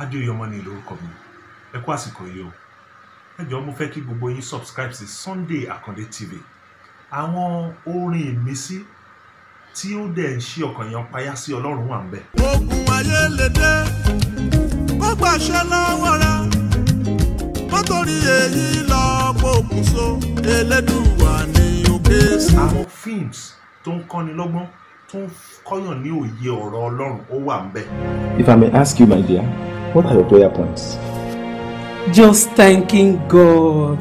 adéyọmọ ni lórúkọ mi ẹ kú àsìkò yìí o ẹ jọ̀ọ́ mo fẹ́ kí gbogbo yín subscribe sí Sunday Akande TV àwọn orin ìmísí tí ó dẹ̀ ń ṣí ọkàn yẹn payá sí ọlọ́run wà ń bẹ̀. ogun ayé lè dé kó gbàṣẹ lọ́wọ́ rẹ kó torí èyí lọ pokùn so elédùnwà ní òkè sí. àwọn films tó ń kọ́ni lọ́gbọ́n tó ń kọ́yàn ní òye ọ̀rọ̀ ọlọ́run ó wà ń bẹ̀. If I may ask you my dear. What are your prayer points? Just thanking God.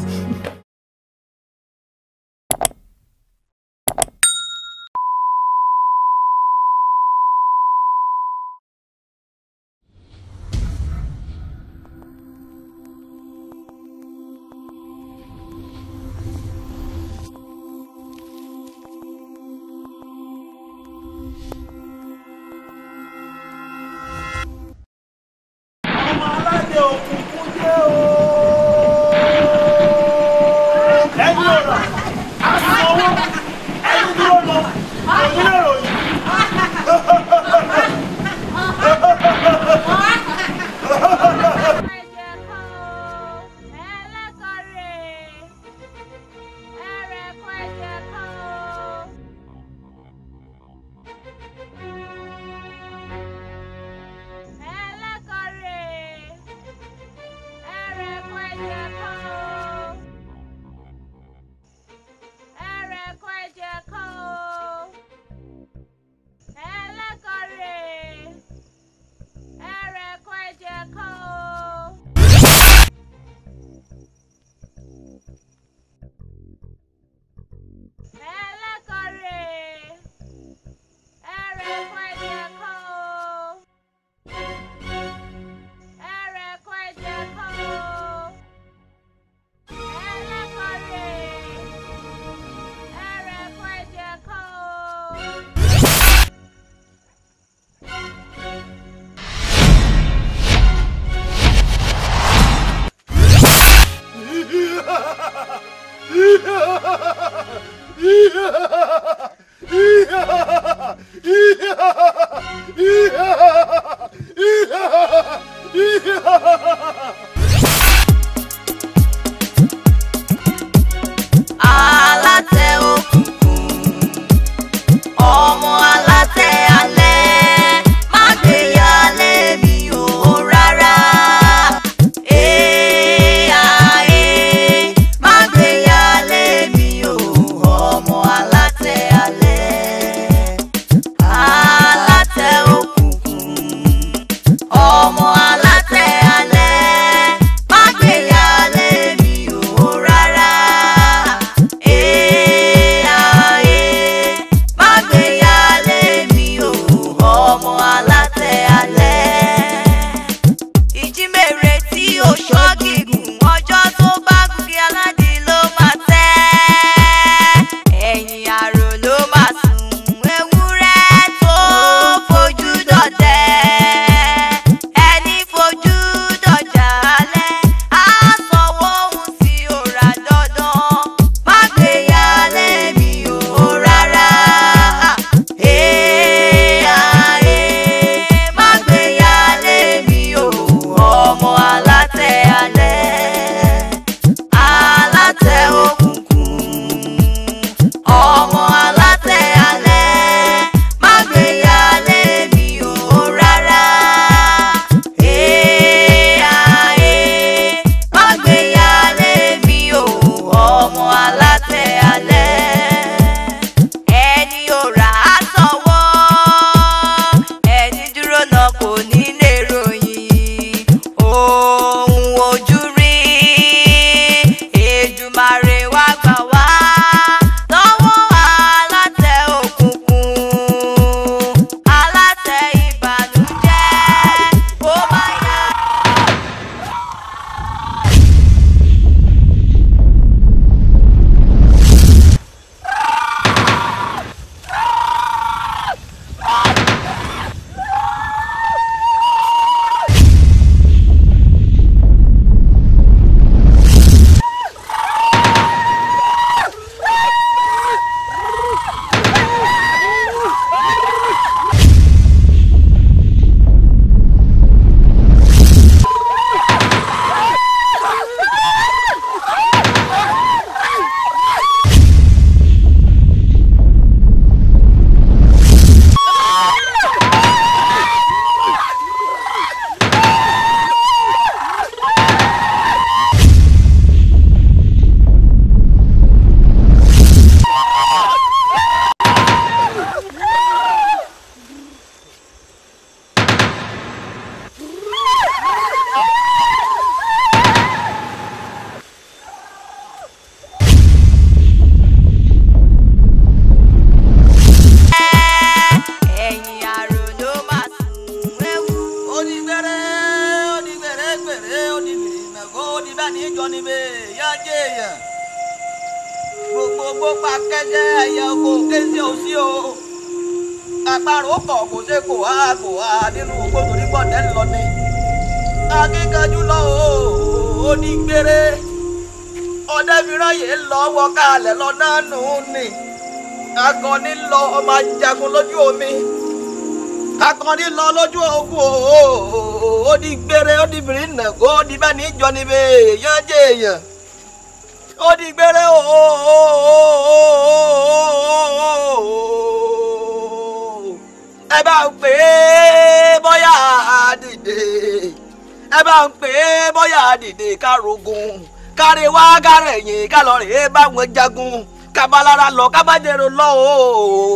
ká lọ rè é báwọn jagun kábàlára lọ kábàjẹrò lọ o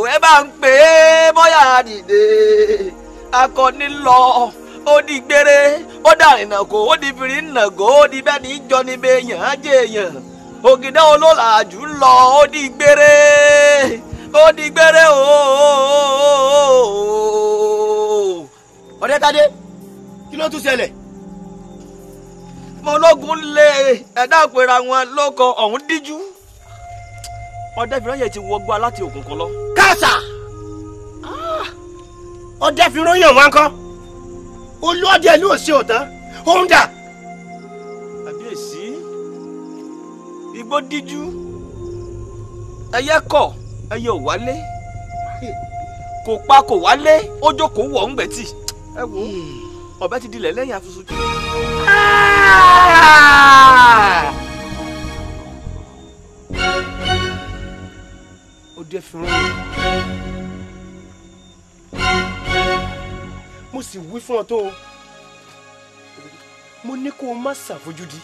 ẹ bá ń pè é bóyá dìde akọni lọ ó di gbére ó dàrin nàgó ó di fìrí nàgó ó di bẹ́ẹ̀ ní jọ ní bẹ́ẹ̀ yàn án jẹ́ èèyàn ògìdá olólàjù lọ ó di gbére ó di gbére o ọ̀dẹ́tadé kí ló tún ṣẹlẹ̀ mọlọ́gun lé ẹ̀dá àpèrà wọn lóko ọ̀hún díjú ọ̀dẹ́fìrán yẹn ti wọgbọ́ aláti òkùnkùn lọ. káàsà ah! ọ̀dẹ́fìrán yẹn wá ń kọ́ olúọdẹ ni ò ṣe ọ̀tán òun dà. àbíyèsí igbó díjú ẹyẹ kọ ẹyẹ ò wálé kò pa kò wálé ó jókòó wọ̀ ń gbẹ̀tì ẹ wò ó hmm. ti dilẹ̀ lẹ́yìn afusojú. Ah! ó dé fi rán mo sì wí fún ọ tó mo ní kó o má ṣàfojúdi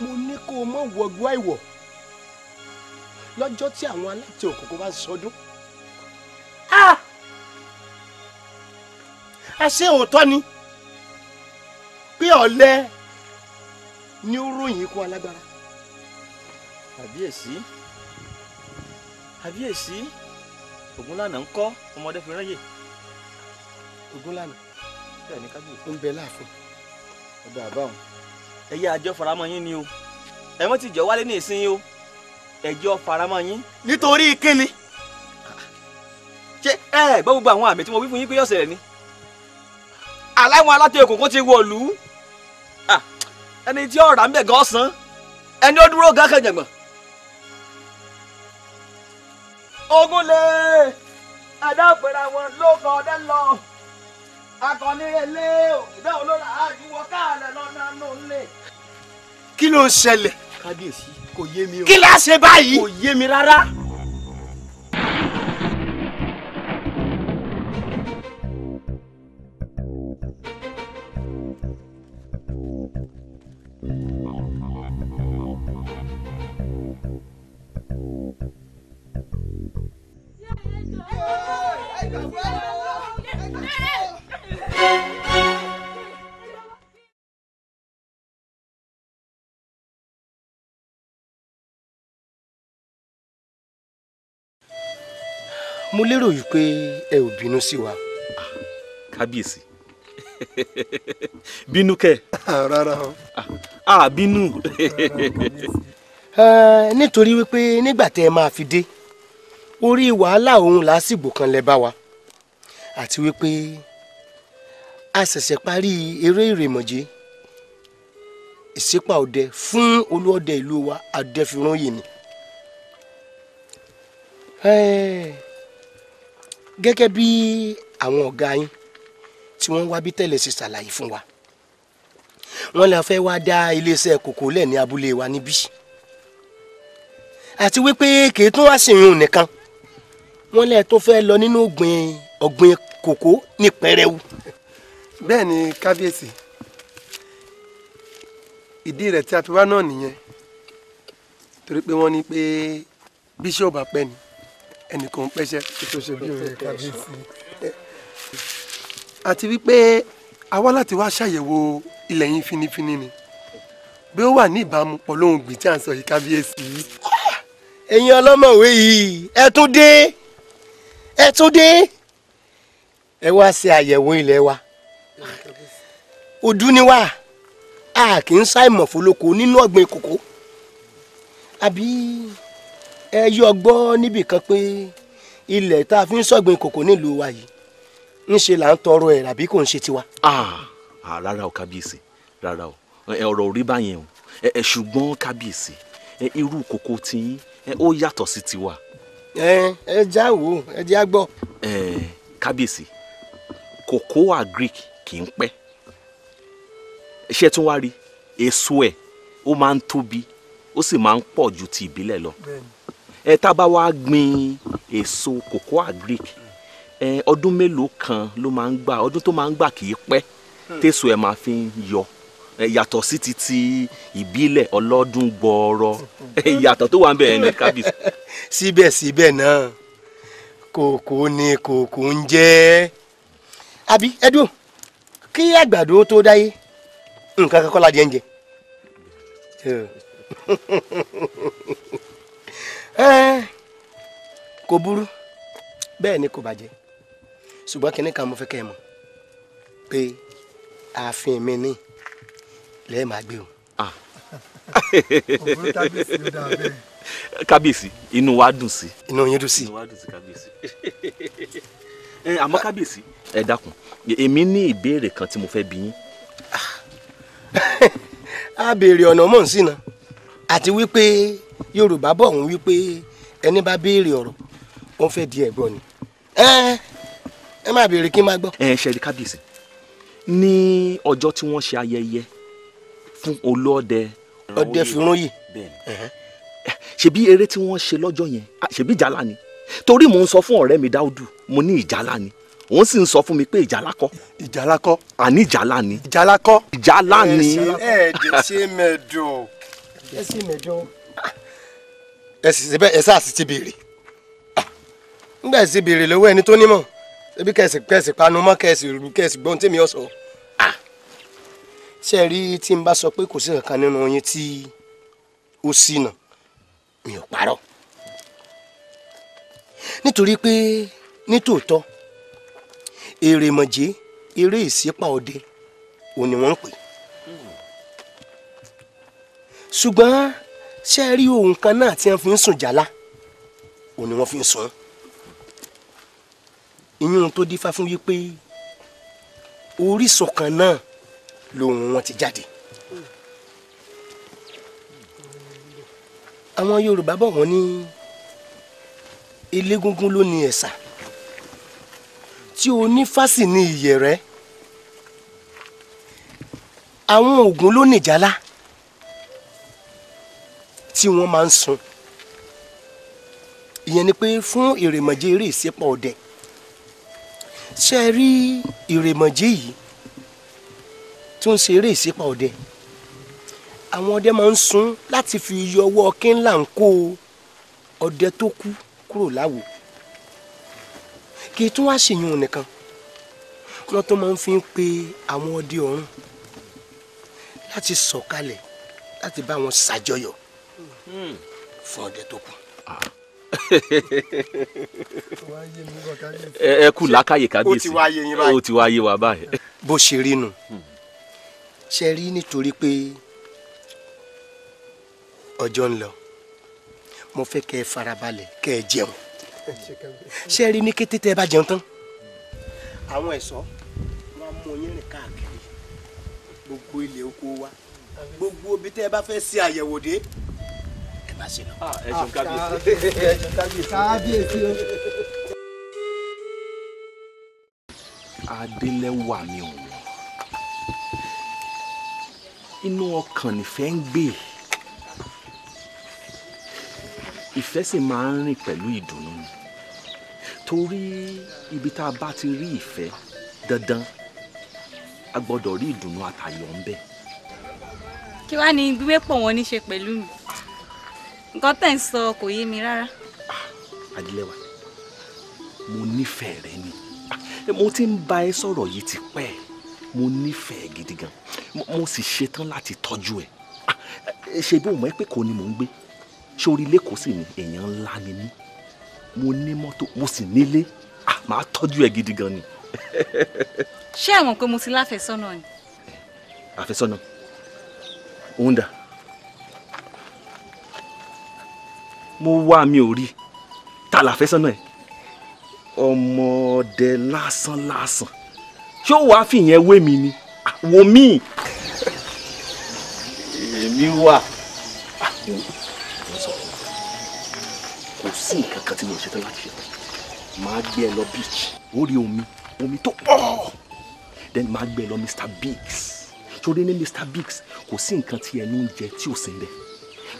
mo ní kó o má wọgbọ àìwọ lọ́jọ́ tí àwọn aláìtẹ òkùnkùn bá ń sọdún. Ah! àṣé òótọ́ ni. Ah! pé ọ̀lẹ ni ó ròyìn ikú alágbára. àbíyèsí àbíyèsí ògúnlànà ń kọ́ ọmọdé fi ráyè. ògúnlànà bẹ́ẹ̀ ni kábíyèsí. ó ń bẹ láàfin ọba àbáwọn. ẹ yé àjọ faramọ́ yín ni o ẹ mọ́ ti jọ wálé ní ìsinyìí o ẹjọ́ faramọ́ yín. nítorí kíni. ṣé ẹ gbọ́ gbogbo àwọn àmì tí mo wí fún yín pé yọ̀sẹ̀ rẹ̀ ni. aláwọn alátẹ̀ òkùnkùn ti wọ̀lú ẹni tí ọ̀rá ń bẹ̀ gan san ẹni ó dúró gán kẹjẹ̀gbọ̀n. ogun lè adápẹ̀rẹ̀ àwọn ló kọ́ ọdẹ lọ akọni ilé òkúta olóra àdìwọ káàlẹ̀ lọ́nà lónìí. kí ló ń ṣẹlẹ̀. kábíyèsí kò yé mi o. kí la ṣe báyìí. kò yé mi rárá. mo lérò yìí pé ẹ ò bínú sí wa. kábíyèsí bínú kẹ. Ah, rárá o. a ah, ah, bínú. Eh, nítorí wípé nígbà tẹ ẹ máa fi dé. orí wàhálà òun làásìgbò kan lẹ bá wa àti wípé a ṣẹ̀ṣẹ̀ parí eré ìrèmọ̀jé ìṣípà ọdẹ fún olúọdẹ ìlú wa adẹ́firán yìí ni. gẹ́gẹ́ bí àwọn ọ̀gá yín tí wọ́n wá bí tẹ́lẹ̀ ṣe ṣàlàyé fún wa wọ́n lè fẹ́ wá dá iléeṣẹ́ kòkó lẹ̀ ní abúlé wa níbí àti wípé kì í tún wá sí ìrùn nìkan wọ́n lẹ́ẹ̀ tó fẹ́ lọ nínú ọ̀gbìn ọ̀gbìn kòkó ní pẹrẹwu. bẹ́ẹ̀ ni kábíyèsí ìdí rẹ̀ tí a fi wá náà nìyẹn torí pé wọ́n ní pé bíṣọ̀bù apẹ́ ni ẹnìkan pẹ́ṣẹ́ tó ṣe bí òye kábíyèsí. àti wípé a wá láti wá ṣàyẹ̀wò ilẹ̀ yín finifini ni bí ó wà ní ìbámu pọ̀ lóhùn gbìn tí à ń sọ yìí kábíyèsí. ẹ̀yin ọlọ́mọ̀wé yìí ẹ tún dé ẹ tó dé ẹ wá ṣe àyẹ̀wò ilẹ̀ wa ọdún ni wá a kì í ṣàìmọ̀ fọlọ́kọ nínú ọ̀gbìn kòkó àbí ẹ yọ gbọ́ níbì kan pé ilẹ̀ tá a fi ń ṣọ̀gbìn kòkó nílùú wa yìí ń ṣe là ń tọrọ ẹ̀ àbí kò ń ṣe tiwa. rárá o kábíyèsí rárá o ọ̀rọ̀ ò rí báyẹn o ṣùgbọ́n kábíyèsí irú kòkó tí ó yàtọ̀ sí tiwa ẹ ẹ já wò ẹ já gbọ́. kábíyèsí cocoa Greek kì í pẹ́ iṣẹ́ tún wá rí èso ẹ̀ ó máa ń tóbi ó sì máa ń pọ̀ ju ti ìbílẹ̀ lọ ẹ tá a bá wá gbin èso cocoa Greek ẹ ọdún mélòó kan ló máa ń gbà ọdún tó máa ń gbà kì í pẹ́ hmm. tèso ẹ̀ máa fi yọ yàtọ̀ sí ti ti ìbílẹ̀ ọlọ́dún gbọ́ọ̀rọ̀ yàtọ̀ tó wà ń bẹ̀ ní kábíyèsí. síbẹ̀síbẹ̀ náà kòkó ni kòkó ń jẹ́ àbí ẹdùn kí àgbàdo tó dáyé nǹkan kan kọ́ ń jẹ kò burú bẹ́ẹ̀ ni kò bàjẹ́ ṣùgbọ́n kinní mo fẹ́ kẹ́ ẹ mọ̀ pé ààfin mi ni lẹ́yìn máa gbé o. Ah. kábíyèsí inú wa dùn sí. inú yín dùn sí. inú wa dùn sí kábíyèsí. àmọ́ kábíyèsí ẹ dákun èmi ní ìbéèrè kan tí mo fẹ́ bi yín. a béèrè ọ̀nà mọ̀ sí na àti wípé yorùbá bọ̀ wọ́n wípé ẹni bá béèrè ọ̀rọ̀ ó fẹ́ di ẹ̀gbọ́n ni ẹ má béèrè kí n má gbọ́. ẹ ṣe rí kábíyèsí ní ọjọ́ tí wọ́n ṣe ayẹyẹ fún olóòdẹ. ọdẹ fìrún yìí. ṣebí eré tí wọ́n ṣe lọ́jọ́ yẹn ṣebí ìjálá ni torí mò ń sọ fún ọ̀rẹ́ mi dáúdù mo ní ìjálá ni wọ́n sì ń sọ fún mi pé ìjálá kọ́. ìjálá kọ́. àní ìjálá ni. ìjálá kọ́. ìjálá ni. ẹ ẹ ṣe mẹjọ. ẹ ṣe mẹjọ. ẹ sì bẹ ẹ sáà sì ti béèrè. Ah, nígbà tí ti béèrè lọ́wọ́ ẹni tó nímọ̀ ẹbí kẹ̀sì kẹ̀sì panu mọ́ kẹ̀sì rú kẹ̀sì gbọ́n tèmi ọ̀sán ṣe rí tí n bá sọ pé kò sí kankan nínú yín tí ó ṣìnà mi ò parọ́ nítorí pé nítòótọ́ èrèmọ̀jé eré ìsípà ọdẹ ò ní wọ́n ń pè ṣùgbọ́n ṣe rí ohun kan náà tí wọ́n fi ń sùn jàlá ò ní fi ń sùn ìyún tó dífá fún yí pé orísun kan náà lòun wọn ti jáde. àwọn Yorùbá bọ̀ wọ́n ní elégúngún ló ní ẹ̀sà tí onífá sì ní ìyẹ̀rẹ̀ àwọn Ògún ló ní ìjálá tí wọ́n máa ń sun ìyẹn ni pé fún ìrèmọ̀jé eré ìsepọ̀ ọdẹ ṣe rí ìrèmọ̀jé yìí tí ó ń ṣe eré ìṣípà ọdẹ àwọn ọdẹ máa ń sun láti fi yọ ọwọ́ kínlá ń kó ọdẹ tó kú kúrò láwo kì í tún wá ṣèyún nìkan wọn tó máa ń fi pe àwọn ọdẹ ọ̀run láti sọ̀kalẹ̀ láti bá wọn ṣàjọyọ̀ fún ọdẹ tó kú. ẹ kú làákàyè kábíyèsí o ti wáyé wa báyìí. bó ṣe rí nu. Hmm ṣe rí nítorí pé ọjọ́ ń lọ mo fẹ́ kẹ́ ẹ farabalẹ̀ kẹ́ ẹ jẹun ṣe rí ní kété tẹ́ ẹ bá jẹun tán àwọn ẹ̀ṣọ́ wọn á mú yín rìn káàkiri gbogbo ilé oko wa gbogbo ibi tẹ́ ẹ bá fẹ́ ṣe àyẹ̀wò dé ẹ má ṣe lọ. Ah, ẹ ṣeun o. adélẹ́wà inú ọkàn nìfẹ́ ń gbé ìfẹ́ sì máa ń rìn pẹ̀lú ìdùnnú ni torí ibi tá a bá ti rí ìfẹ́ dandan a gbọ́dọ̀ rí ìdùnnú àtàyọ̀ ńbẹ. kí wàá ní gbígbé pọ̀ wọn ní ṣe pẹ̀lú mi nǹkan tẹ̀ ń sọ kò yé mi rárá. Ah, adilẹ́wà mo nífẹ̀ẹ́ rẹ ni mo ti ń bá ẹ sọ̀rọ̀ yìí ti ẹ mo nífẹ̀ẹ́ gidi gan mo sì ṣetán láti tọ́jú ẹ̀ ah, ṣe bí òun mọ̀ ẹ́ pé kò ní mò ń gbé sórí ilé kò sì ní èèyàn ńlá ni mí mo ní mọ́tò mo sì nílé ah, màá tọ́jú ẹ̀ gidi gan ni. ṣé ẹ pé mo ti láfẹ́sọ́nà ni. àfẹ́sọ́nà òun dà mo wá mi ò rí ta làfẹ́sọ́nà ẹ̀ ọmọdé lásán lásán ṣé ó wàá fìyẹn wé mi ni ah, wò mí. èmi wà ah, kò sí nǹkan kan tí mo ṣetán láti ṣe máa gbé ẹ lọ beach orí omi omi tó pọ̀ then máa gbé ẹ lọ Mr Biggs torí ní Mr Biggs kò sí nǹkan tí ẹnu ń jẹ tí ò sí ń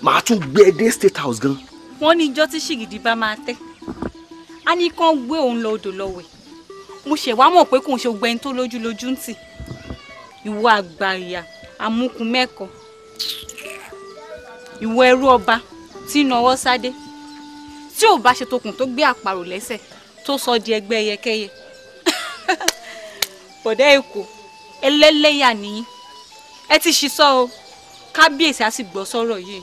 màá tún gbé ẹ dé state house gan. wọ́n ní ijọ́ tí ṣìgìdì bá máa tẹ́ a ní kán gbé òun lọ odò lọ wẹ̀ mo ṣe wá mọ̀ pé kò ń ṣe gbẹ́ni tó lójú lójú ń tì ìwọ àgbàyà amúkun mẹ́kọ ìwọ ẹrú ọba tí nawọ́ sáde tí ò bá ṣe tokùn tó gbé àparò lẹ́sẹ̀ tó sọ di ẹgbẹ́ ẹyẹkẹ́yẹ bọ̀dá èkó ẹlẹ́lẹ́yà nìyí ẹ ti ṣiṣọ́ o kábíyèsí á sì gbọ́ sọ́rọ̀ yìí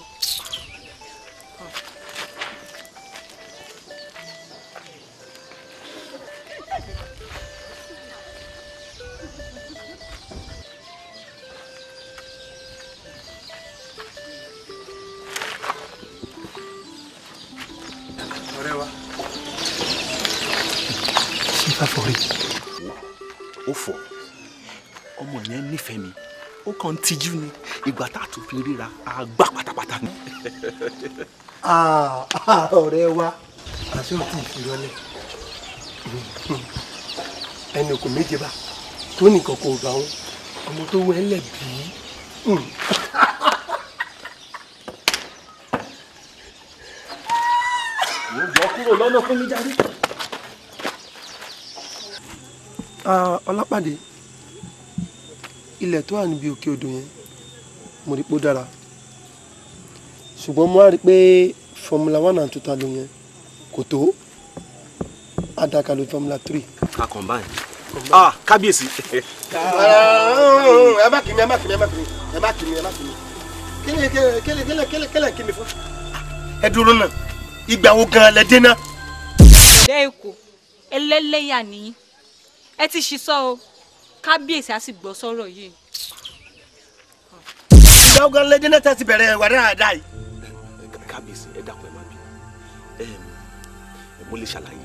tìjú ni ìgbà tá a tún fi ríra a gbà pátápátá ni. Ah, ah, ọ̀rẹ́ wa àti òtí ìfìrọ́lẹ̀ ẹni kò méje bá tó nìkan kò bá wọn ọmọ tó wọ ẹlẹ bíi. mo gbọ́ kúrò lọ́nà fún mi jáde. Ah, ọlọ́pàdé ilẹ̀ tó wà níbi òkè odò yẹn mo rí pé ó dára ṣùgbọ́n mo wá rí pé formula one and two ta ló yẹn kò tó adaka ló formula three. a combine ah kábíyèsí. ẹ má kì mí ẹ má kì mí ẹ má kì mí ẹ má kì mí ẹ kí mi fún. ẹ dúró náà ìgbà wo gan-an lẹ dé náà. ọ̀dẹ́ èkó ẹlẹ́lẹ́yà nìyí ẹ ti ṣiṣọ́ o kábíyèsí á sì gbọ́ sọ́rọ̀ yìí. ìyáwó lẹ́dí náà ti bẹ̀rẹ̀ wàdí àdá yìí. kábíyèsí ẹ dàpọ̀ ẹ má bí mo lè ṣàlàyé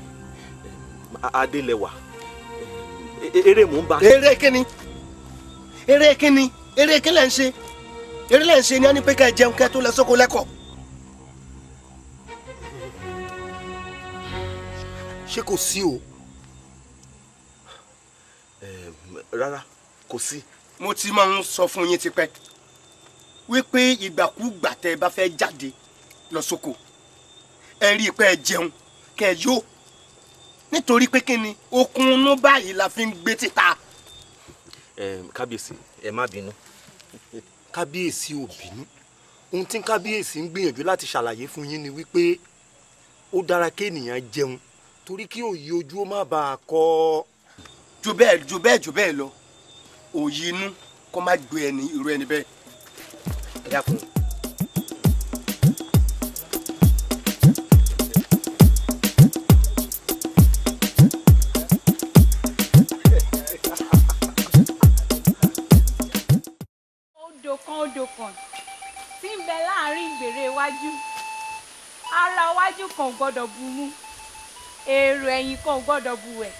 adélẹwà eré mò ń bá. eré kíni eré kíni eré kíni lẹ́ ń ṣe eré lẹ́ ń ṣe ni wọ́n ní pé ká jẹun kẹ́ tó lọ sóko lẹ́kọ̀ọ́. ṣé kò sí o. rárá kò sí. mo ti máa ń sọ fún yín tipẹ́ wípé ìgbàkúgbà tẹ ẹ bá fẹ́ jáde lọ sóko ẹ rí i pé ẹ jẹun kẹ ẹ yó nítorí pé kí ni okun inú báyìí la fi ń gbé títa. kábíyèsí ẹ má bínú kábíyèsí ò bínú ohun tí kábíyèsí ń gbìyànjú láti ṣàlàyé fún yín ni wípé ó dára kéènìyàn jẹun torí kí òye ojú ó má bàa kọ ju bẹ́ẹ̀ ju bẹ́ẹ̀ ju bẹ́ẹ̀ lọ òye inú kó má gbé ẹni irú ẹni bẹ́ẹ̀ ẹ dákun. odò ara iwájú kan ò bu mú èrò ẹ̀yìn kan ò bu wẹ̀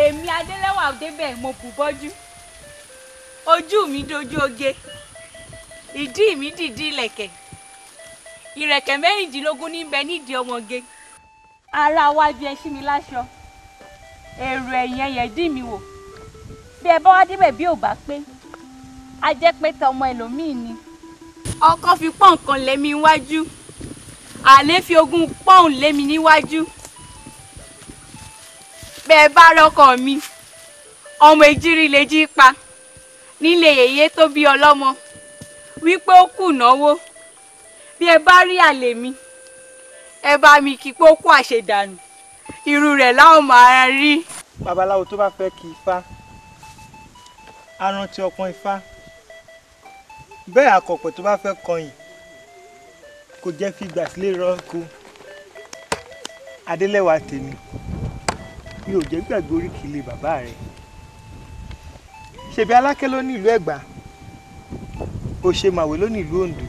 èmi adélẹ́wà débẹ̀ mo kù bọ́jú ojú mi dojú oge ìdí mi dìdí ìlẹ̀kẹ̀ ìrẹ̀kẹ̀ mẹ́rìndínlógún níbẹ̀ nídìí ọmọge ara wa bí ẹ sí mi láṣọ èrò ẹ̀yìn ẹ̀yẹ̀ dì mí wò bí ẹ bá wá débẹ̀ bí ò bá pé a jẹ́ pé tọmọ ẹlòmíì ni. ọkọ fi pọ́ǹkan lé mi níwájú fi ogún pọ́ùn lé níwájú bẹ́ẹ̀ bá rọ́kọ̀ mi ọmọ èjìrì lè jí pa nílé yèyé tó bí ọlọ́mọ wípé ó kù náwó bí ẹ bá rí àlè mi ẹ bá mi kí pé ó kú àṣedànù irú rẹ̀ láwọn máa rí. babaláwo tó bá fẹ́ kí ifá á rántí ọpọ́n ifá bẹ́ẹ̀ àkọ̀pẹ̀ tó bá fẹ́ kọyìn kò jẹ́ fi gbà sílé rọ́ńkò adélẹ́wà tèmi mi ò jẹ́ gbàgbé oríkìlì bàbá rẹ̀ ṣebí alákẹ́ ló ní ìlú ẹ̀gbá òṣèmàwé ló ní ìlú oǹdó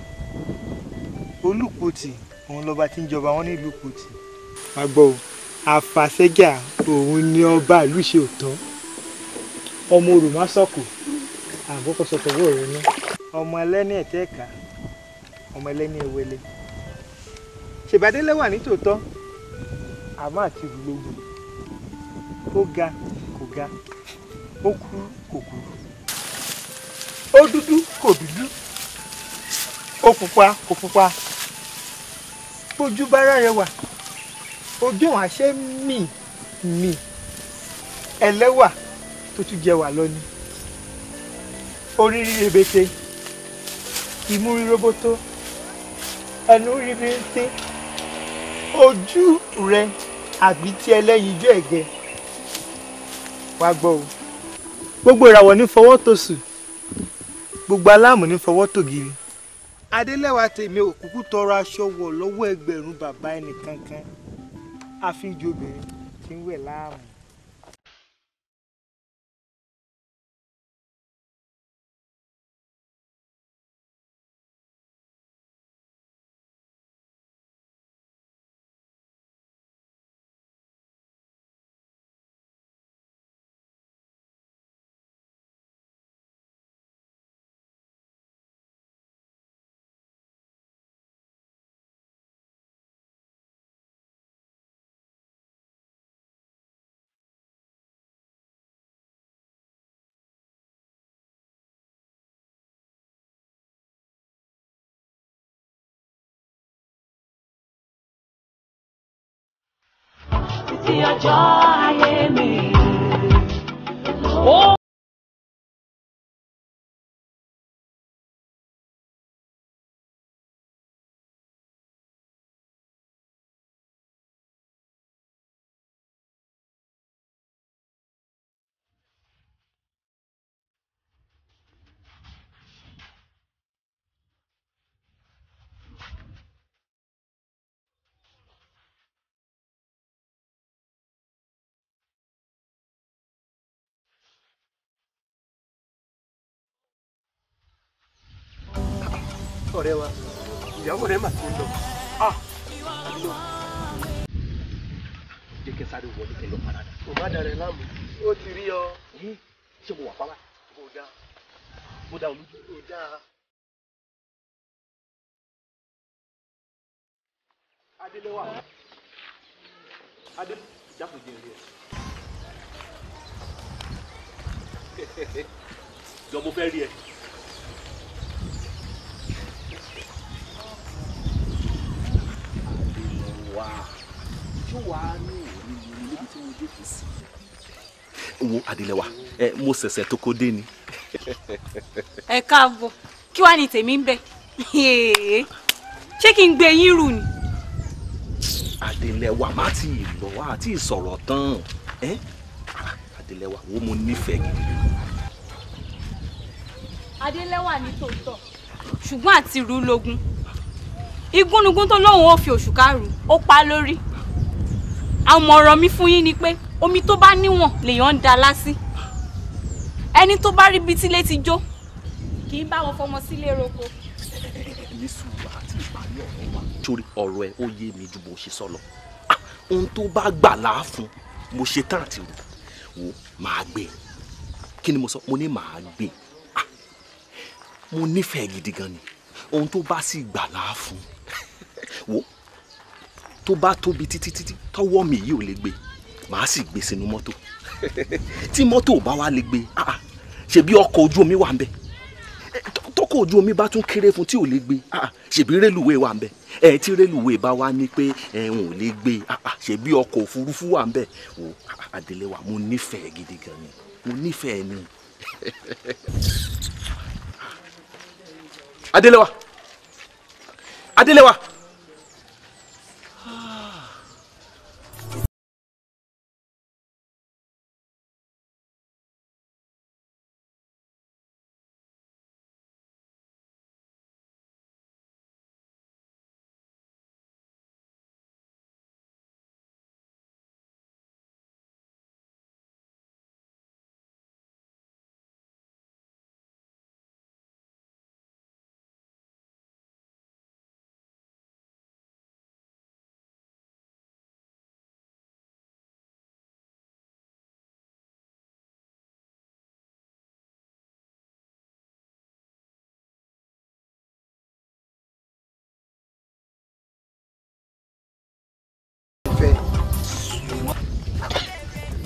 olùpọ̀tì òun lọba tí ń jọba wọn ní ìlú pọ̀tì. wàá gbọ́ o àfàṣẹ́jà òun ni ọba ìlú ṣe òótọ́ ọmọ olùmọ́sọ̀kù àgbọ́kọ̀sọ̀kọ̀ wò rẹ̀ ní. ọmọ ẹlẹ́ni ẹ̀tẹ́ ẹ̀ka ọmọ ẹlẹ́ni ẹ̀wẹ́lẹ́ ṣèbádélé wà nítòótọ́ àmọ́ àti ìlú lógun. Oga, ga Okuru, ga Odudu, kúrú kò kúrú ó dúdú kò dúdú ó pupa kò pupa bójú ojú àwọn àṣẹ mì mì ẹlẹ́wà tó tún jẹ wà lọ ni rebete imú roboto ẹnu rí bíntín ojú rẹ àbí tí ẹlẹ́yinjú ẹ̀gẹ́. wá gbọ́ o gbogbo ìràwọ̀ ní fọwọ́ tòṣù gbogbo aláàmù ní fọwọ́ tògiri adélẹ́wà tèmi ò kúkú tọrọ aṣọ wọ̀ lọ́wọ́ ẹgbẹ̀rún bàbá ẹnìkankan àfi ìjọ obìnrin ti ń wẹ̀ láàmú. ọjọ́ ayé mi. ọ̀rẹ́ wa ìyàwó rẹ̀ mà ti ń lọ àbílò jẹ́ kẹ́ sáré wọlé kẹ́ lọ parada. kò má darẹ̀ láàmú ó ti rí ọ. ṣé mo wà pálá. kò dáa. mo dá olójú. kò dáa. adélẹ́wà adé ìjákòjì rẹ̀ jọ wá yóò wá ní òní mi níbi tí mo dé sí. wo Adélẹ́wà ẹ mo ṣẹ̀ṣẹ̀ tó dé ni. ẹ káàbọ̀ kí wàá ní tèmi ń bẹ ṣé kí n gbé yín rù ni. Adélẹ́wà má ti lọ wá àti ìsọ̀rọ̀ tán Adélẹ́wà wo mo nífẹ̀ẹ́ gidi. Adélẹ́wà ní tòótọ́ ṣùgbọ́n àti rú lógún igúnnugún tó lóun ó fi òṣùká rù ó pa lórí àmọ̀ràn mi fún yín ni pé omi tó bá níwọ̀n lèèyàn ń da lásì ẹni tó bá rí ibi tílé ti jó kì í bá wọn fọmọ sílé roko. ní sùúrù àti ìparí ọ̀rọ̀ wa sórí ọ̀rọ̀ ẹ ó yé mi ju bó ṣe sọ lọ ah, ohun tó bá gbà láàfún mo ṣe tán àti rò wò máa gbé e. kí ni mo sọ mo ní máa gbé e. ah, mo nífẹ̀ẹ́ gidi gan ni ohun tó bá sì gbà láàfún wo tó bá tóbi títí títí tọ́wọ́ mi yìí ò lè gbé màá sì gbé sínú mọ́tò tí mọ́tò ò bá wá lè gbé ah, ah, ṣebí ọkọ̀ ojú omi wà ń bẹ̀ eh, tọkọ̀ ojú omi bá tún kéré fún tí ò lè gbé ah, ṣebí rélùwé wà ń bẹ̀ ẹ tí rélùwé bá wá ní pé ẹ ò lè gbé ṣebí ọkọ̀ òfurufú wà ń bẹ̀ wò Adélé mo nífẹ̀ẹ́ gidi gan ni mo nífẹ̀ẹ́ ni. Adélé wa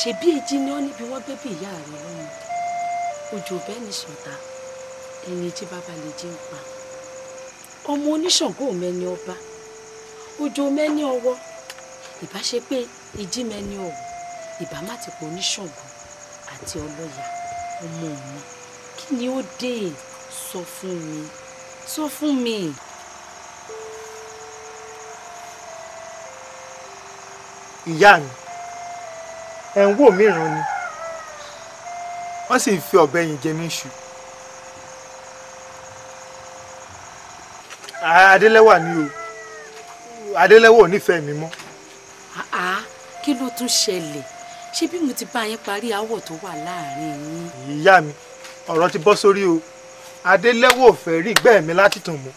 ṣebí èjì ni ó níbi wọ́n gbé bí ìyá rẹ̀ lọ́mọ òjò bẹ́ẹ̀ ni sọ̀tà ẹni tí bàbá lè jí ń pa ọmọ oníṣàngó mẹ́ni ọba òjò mẹ́ni ọwọ́ ìbá ṣe pé mẹ́ni ọ̀wọ́ ìbá má àti ọlọ́yà ọmọ mi kí ni ó dé sọ fún mi sọ fún mi. ìyá mi ẹ̀ ń wò mìíràn ni wọ́n sì fi ọ̀bẹ yìí jẹ mí ṣu. adélẹ́wà ni o adélẹ́wà ò nífẹ̀ẹ́ mi mọ́. kí ló tún ṣẹlẹ̀ ṣé bí mo ti bá yín parí aáwọ̀ tó wà láàrin yín. ìyá mi ọ̀rọ̀ ti bọ́ sórí o adélẹ́wà ò fẹ́ rí gbẹ́ẹ̀mí láti tàn mọ́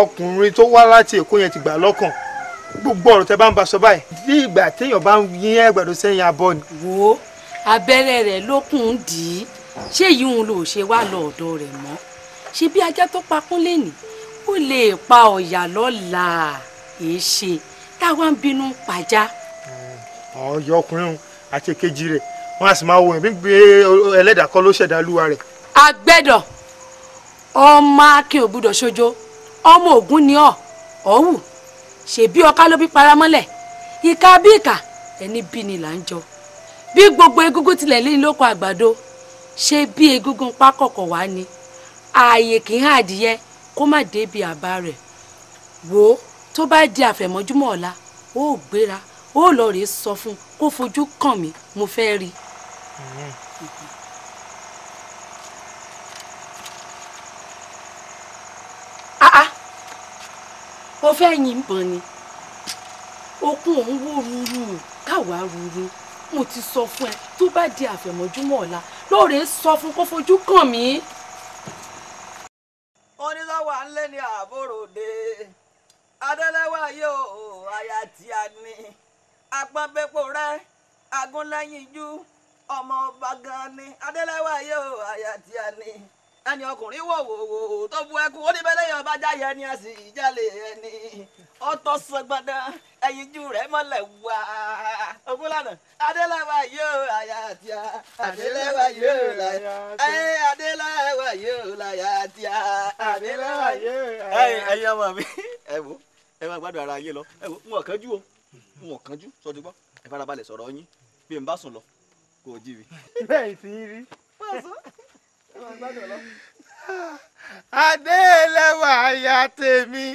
ọkùnrin tó wá láti èkó yẹn ti gbà lọ́kàn gbogbo ọ̀rọ̀ tẹ bá ń bá sọ báyìí bí ìgbà téèyàn bá ń yín àgbàdo sẹ́yìn abọ́ ni. wo abẹ́rẹ́ rẹ̀ lókun ń dì í ṣé èyí òun ló ṣe wá lọ ọ̀dọ̀ rẹ̀ mọ́ ṣe bí ajá tó pakún lẹ́nìí ó lè pa ọ̀yà lọ́la èé ṣe táwa ń bínú pàjá. ọyọ ọkùnrin àti èkejì rẹ̀ wọn a sì máa wo ẹ̀mí gbé ẹlẹ́dàá kọ́ ló ṣẹ̀dá lúwa rẹ̀. àgbẹ̀dọ̀ ọmọ akin òbúdọ̀ ṣojo ọmọ ògún ni ọ ọ̀hún ṣèbí ọká ló bí paramọ́lẹ̀ ìka bí ìka ẹni bí ni là ń jọ bí gbogbo egungun tilẹ̀ lé lóko àgbàdo ṣé bí egungun pákọ̀kọ̀ wá ni ààyè kì í hàn adìyẹ kó má débi àbá rẹ̀ wò ó tó bá di àfẹ̀mọ́júmọ́ ọ̀la ó gbéra ó lọ rèé sọ fún kó fojú kàn mí mo fẹ́ rí ó fẹ́ yìn ni okun òun wó ruru káwa ruru mo ti sọ fún ẹ tó bá di àfẹ̀mọ́júmọ́ ọ̀la lóòrè sọ fún kó fojú kàn mí. oníṣòwò à ń lé ní àbòròde yóò aya tí a ní agbọ́nbẹ́pọ̀ rẹ agúnlẹ́yinjú ọmọ ọba gan ni adélẹ́wà yóò aya tí a ní ẹni ọkùnrin wò wò wò tó bu ẹkún ó ní bẹ́lẹ́ yẹn ọba jáyẹ ẹni a sì jálè ẹni ọtọ sọgbọdọ ẹyin ju rẹ mọlẹ wá Ògúnlànà adélẹwà yóò láyà tíá adélẹwà yóò láyà tíá ẹ adélẹwà yóò láyà tíá adélẹwà yóò láyà tíá. ẹyin ọmọ mi ẹ wo ẹ máa gbádùn ara yín lọ ẹ wo n ò kánjú o n ò kánjú sọ ti gbọ́ ẹ farabalẹ̀ sọ̀rọ̀ yín bí n bá sùn lọ kò jí mi. bẹ́ẹ̀ ti rí. pọ̀ sọ adéẹlẹ́wà aya tèmi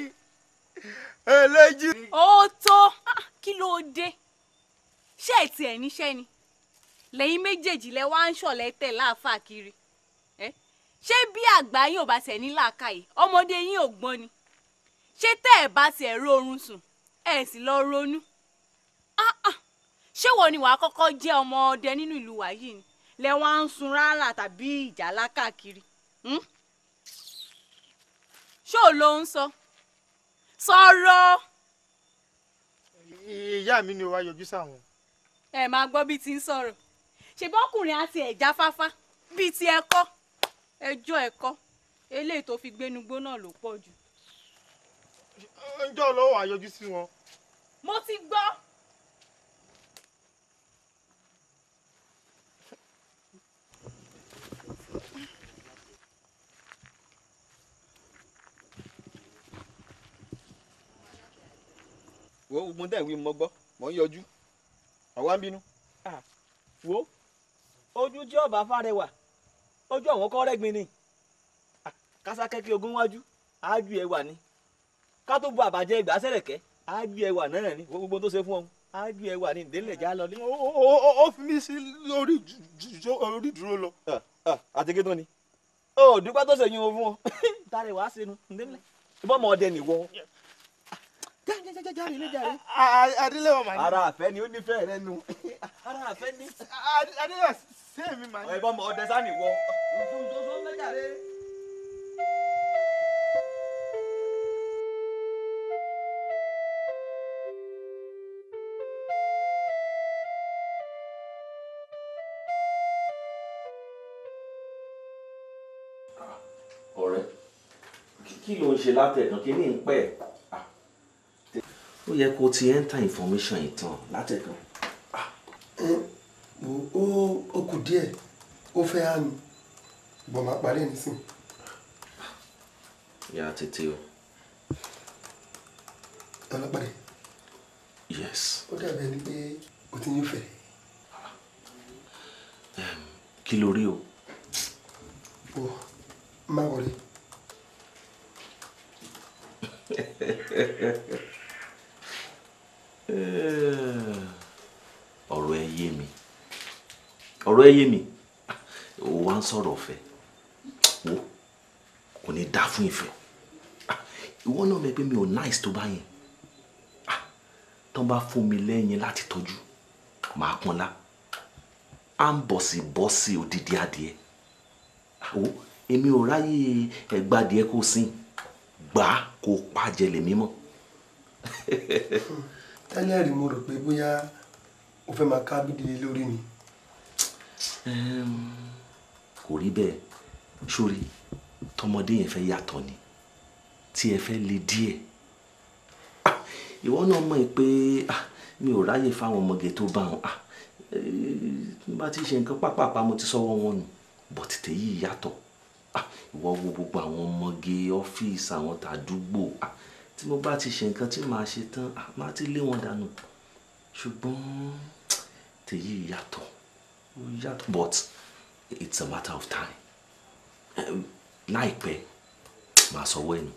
olójú. ó tó ah, kí ló dé ṣé ẹ tiẹ̀ níṣẹ́ ni lẹ́yìn méjèèjì lẹ wá ń ṣọ̀lẹ́ tẹ̀ láàfà kiri ṣé bí àgbà yín ò bá tẹ̀ ní làákàyè ọmọdé yín ò gbọ́n ni ṣé tẹ́ ẹ̀ bá tiẹ̀ rórun sùn ẹ̀ sì lọ ronú ah, ah. ṣé wo ni wàá kọ́kọ́ jẹ́ ọmọ ọdẹ nínú ìlú wa yìí ni lẹ wá ń sun rárá tàbí ìjàlá káàkiri hmm? ṣó ló ń sọ sọ̀rọ̀. ìyá mi ni ó wá yọjú sáwọn. ẹ máa gbọ́ bí ti ń sọ̀rọ̀ ṣebí ọkùnrin àti ẹ̀já fáfá bíi ti ẹ̀kọ́ ẹjọ́ ẹ̀kọ́ eléyìí tó fi gbénugbó náà ló pọ̀ jù. ǹjọ́ lọ́wọ́ àyọjú sí wọn. mo ti gbọ́. wo mo dẹ̀ wí mo gbọ́ mo ń yọjú ọ̀wá ń bínú. wo ojú tí ọba fárẹwà ojú àwọn kọ́ rẹ́gbin ni kásákẹ́kẹ́ ogun wájú ájú ẹwà ni ká tó bu àbàjẹ́ ìgbà sẹ́rẹ̀kẹ́ ájú ẹwà náà ni gbogbo tó ṣe fún ọ̀hún ájú ẹwà ni ìdílé já lọ ní. ó fi mí sí orí dúró lọ. àti kí tó ni. ó dúpẹ́ tó ṣe yín o fún ọ. tàrẹwà á ṣe nu ìdílé. ìbọn mọ ọdẹ nìwọ járe lé járe. adélẹ́wọ̀ mà ní. ara àfẹ́ ni ó nífẹ̀ẹ́ rẹ nu. ara àfẹ́ ni. adélẹ́wọ̀ sẹ́ẹ̀mì mà ní. ẹ bọ́ mọ ọdẹ sani wọ. òfin tó sọ fẹ́ járe. ọ̀rẹ́ kí ló ń ṣe látẹ̀dùn kí ní ń pẹ́ ẹ̀ ó yẹ kó ti enter information ìtàn látẹ̀kàn. Ah, ó kù díẹ̀ ó fẹ́ á mi bọ̀ máa parí ẹ̀ nísìn. yà á tètè o. ọlọ́pàá yes. ó dàbí ẹni pé o ti ń fẹ́. kí ló rí o. ẹ yé mi ò wá ń sọ̀rọ̀ ọ̀fẹ́ wo kò ní dá fún ìfẹ́ ìwọ náà mẹ pé mi ò nice tó bá yẹn tó bá fún mi lẹ́yìn láti tọ́jú màá pọnlá à ń bọ̀sì bọ́sì odidi adìẹ wo èmi ò ráyè ẹgbàdìẹ kó sìn gbà kó pàjẹ lè mímọ́. tẹ́lẹ̀ rí mo rò pé bóyá o fẹ́ máa ká bídìí lórí ni kò rí bẹ́ẹ̀ sórí tọmọdé yẹn fẹ́ yàtọ̀ ni tí ẹ fẹ́ le díẹ̀ ìwọ náà mọ̀ pé ah, mi ò ráyè fáwọn ọmọge tó bá wọn ah, bá ti ṣe nǹkan pápápá mo ti sọ́wọ́ wọn nù bọ̀ tètè yìí yàtọ̀ ah, ìwọ wo gbogbo àwọn ọmọge ọ́fíìsì àwọn tàdúgbò tí mo bá ti ṣe nǹkan tí màá ṣe tán màá ti lé wọn dànù ṣùgbọ́n tèyí yàtọ̀ yàtọ̀ but it's a matter of time um, láìpẹ́ màá sọ wẹ́nu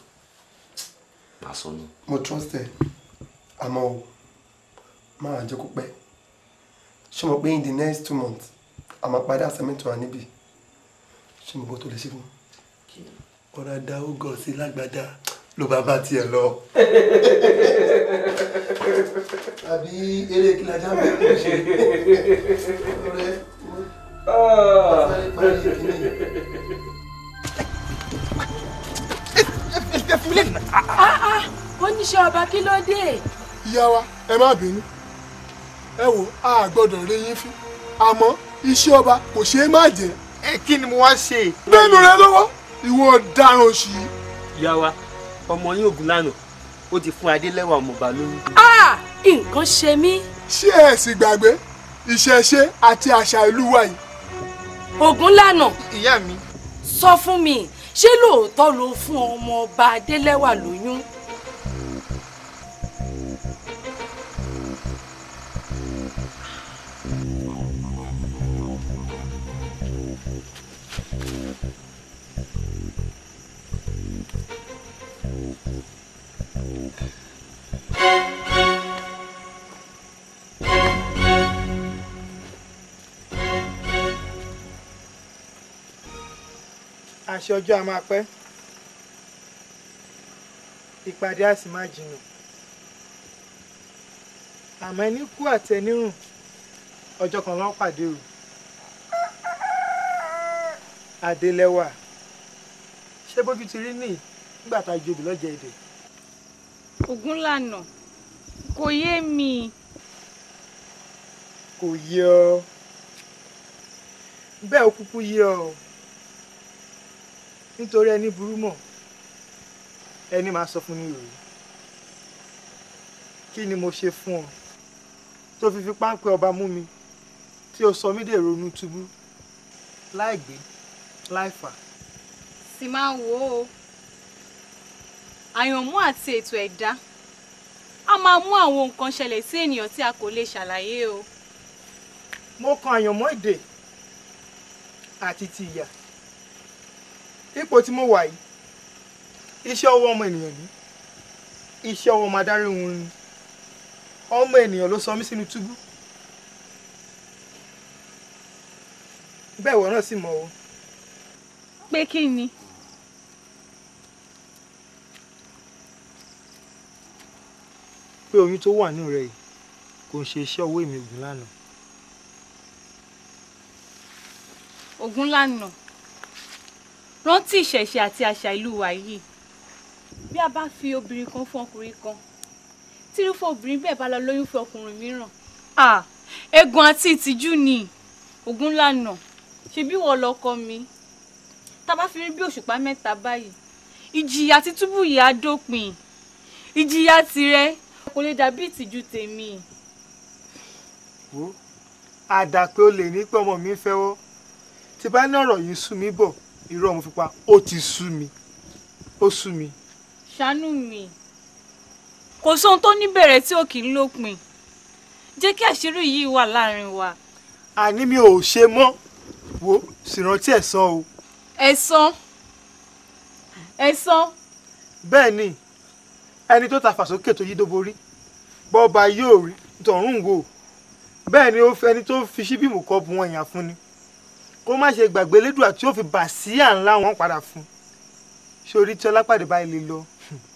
màá sọ nù. mo trust ẹ àmọ́ o máa jẹ́ kó pẹ́ ṣé mo pé in the next two months a máa parí assignment wa níbí ṣé mo kó tó lè ṣe fún mi. ọ̀rọ̀ adáwó gọ̀ sí lágbádá ló bá bá tiẹ̀ lọ. àbí eré kí lajá mi kò ṣe ẹ fúlẹ̀ nà. oníṣẹ́ ọba kí ló dé. ìyá wa ẹ má bínú ẹ wò a gbọ́dọ̀ rí yín fún àmọ́ iṣẹ́ ọba kò ṣeé má jẹ́. ẹ kí ni mo wá ṣe. bẹ́ẹ̀nu rẹ lọ́wọ́ ìwọ ọ̀daràn oṣù yìí. ìyá wa ọmọ yín ògùn lánàá ó ti fún adélẹ́wà ọmọọba lóyún. nǹkan ṣe mí. ṣé ẹ sì gbàgbé ìṣẹ̀ṣe àti àṣà ìlú wa yìí Ògúnlànà. ìyá mi. sọ fún mi ṣé lóòótọ́ ló fún ọmọ ọba Adélẹ́wà lóyún. Thank you. àṣẹ ọjọ́ a máa pẹ́ ìpàdé a sì máa jìnnà àmọ́ ẹni kú àtẹnírùn ọjọ́ kan lọ́n pàdé o adélẹ́wà ṣé bójú ti rí nìyí nígbà tá a jobì lọ́jọ́ èdè. ògúnlànà kò yé mi. kò yé ọ bẹ́ẹ̀ ó kúkú yé ọ nítorí ẹni burú mọ̀ ẹni máa sọ fún ní ìròyìn kí ni mo ṣe fún ọ tó fi fi páńpẹ́ ọba mú mi tí o sọ mí dèrò inú túbú láì gbé láì fà. sì máa wò ó àyànmú àti ètò ẹ̀dá a máa mú àwọn nǹkan ṣẹlẹ̀ sí ènìyàn tí a kò lè ṣàlàyé o. mo kan àyànmọ́ èdè àti ti ìyà ipò tí mo wà yìí iṣẹ́ ọwọ́ ọmọ ènìyàn ni iṣẹ́ ọwọ́ ọmọ adarí òun ni ọmọ ènìyàn ló sọ mí sínú túbú bẹ́ẹ̀ wọ́n náà sì mọ̀ o. pé kí ni. pé oyún tó wà nínú rẹ yìí kò ń ṣe iṣẹ́ ọwọ́ èmi ògùn lánàá. ògùn lánàá rántí ìṣẹ̀ṣe àti àṣà ìlú wa yìí bí a bá fi obìnrin kan fún ọkùnrin kan tírúfọ́ obìnrin bẹ́ẹ̀ bá lọ lóyún fún ọkùnrin mìíràn ah egun àti ìtìjú ni ògún lànà ṣebí wọ́n lọ́kọ mi tá a bá fi rí bí òṣùpá mẹ́ta báyìí ìjìyà ti túbú yìí á dópin ìjìyà tirẹ̀ kò lè dàbí ìtìjú tèmi. wo àdàpé olè ní pé ọmọ mi fẹ́wọ́ tí bá ní ọ̀rọ̀ yìí sú mi bọ̀ irọ́ mo fi pa ó ti sú mi ó sú mi. ṣàánú mi kò sóhun tó níbẹ̀rẹ̀ tí ò kì í lópin jẹ́ kí àṣírí yìí wà láàrin wa. àní mi ò ṣe mọ́ wo sì rántí ẹ̀san o. ẹ̀san ẹ̀san. bẹ́ẹ̀ ni ẹni tó ta fàsókè tó yí dóborí bọ́ọ̀ba yóò rí tọ̀rùn wò bẹ́ẹ̀ ni ó fẹ́ tó fi ṣíbìmù kọ́ bu wọn èèyàn fún ni kó má ṣe gbàgbé lédùá tí ó fi bà sí àńlá wọn padà fún sórí tí ọlápàdé báyìí lè lọ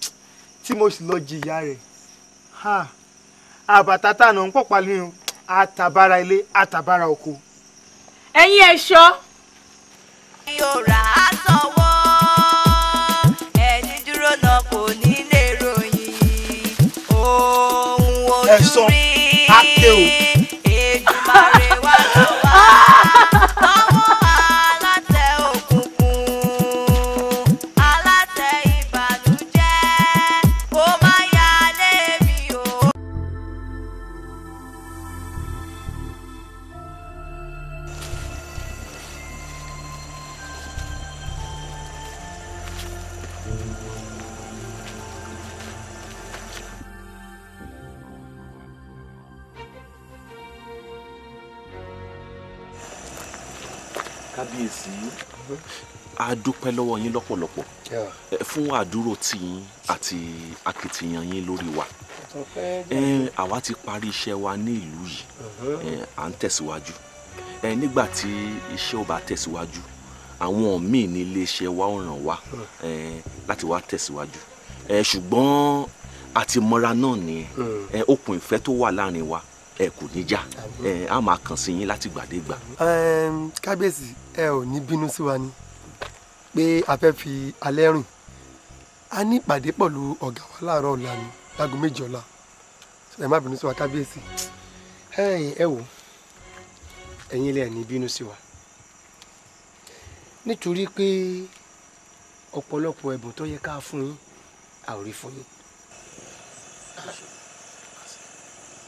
tí mo sì lọ jìyà rẹ̀ àbàtà tá à ń pọ̀ palẹ́ o àtàbára ilé àtàbára oko. ẹ̀yin ẹ̀ṣọ́. yóò rà á a dúpẹ́ lọ́wọ́ yín lọ́pọ̀lọpọ̀ fún àdúró tiyín àti akitiyan yín lórí wa àwa ti parí iṣẹ́ wa ní ìlú yìí uh-huh. à ń tẹ̀síwájú nígbà tí iṣẹ́ ò bá tẹ̀síwájú àwọn míì ní iléeṣẹ́ wa ò ràn wá uh-huh. láti wá tẹ̀síwájú ṣùgbọ́n àtìmọ́ra náà ni uh-huh. okùn ìfẹ́ tó wà láàrin wa ẹ kò ní já a máa kàn sí yín látìgbàdégbà. kábíyèsí ẹ ò ní bínú sí wa ni pé a fẹ́ fi alẹ́ rìn a ní ìpàdé pẹ̀lú ọ̀gá wa láàárọ̀ ọ̀la ni láago méjì ọ̀la ẹ má bínú sí wa kábíyèsí. ẹ wò ẹ̀yin ilé ẹ̀ ní bínú sí wa nítorí pé ọ̀pọ̀lọpọ̀ ẹ̀bùn tó yẹ ká fún yín a ò rí fún yín.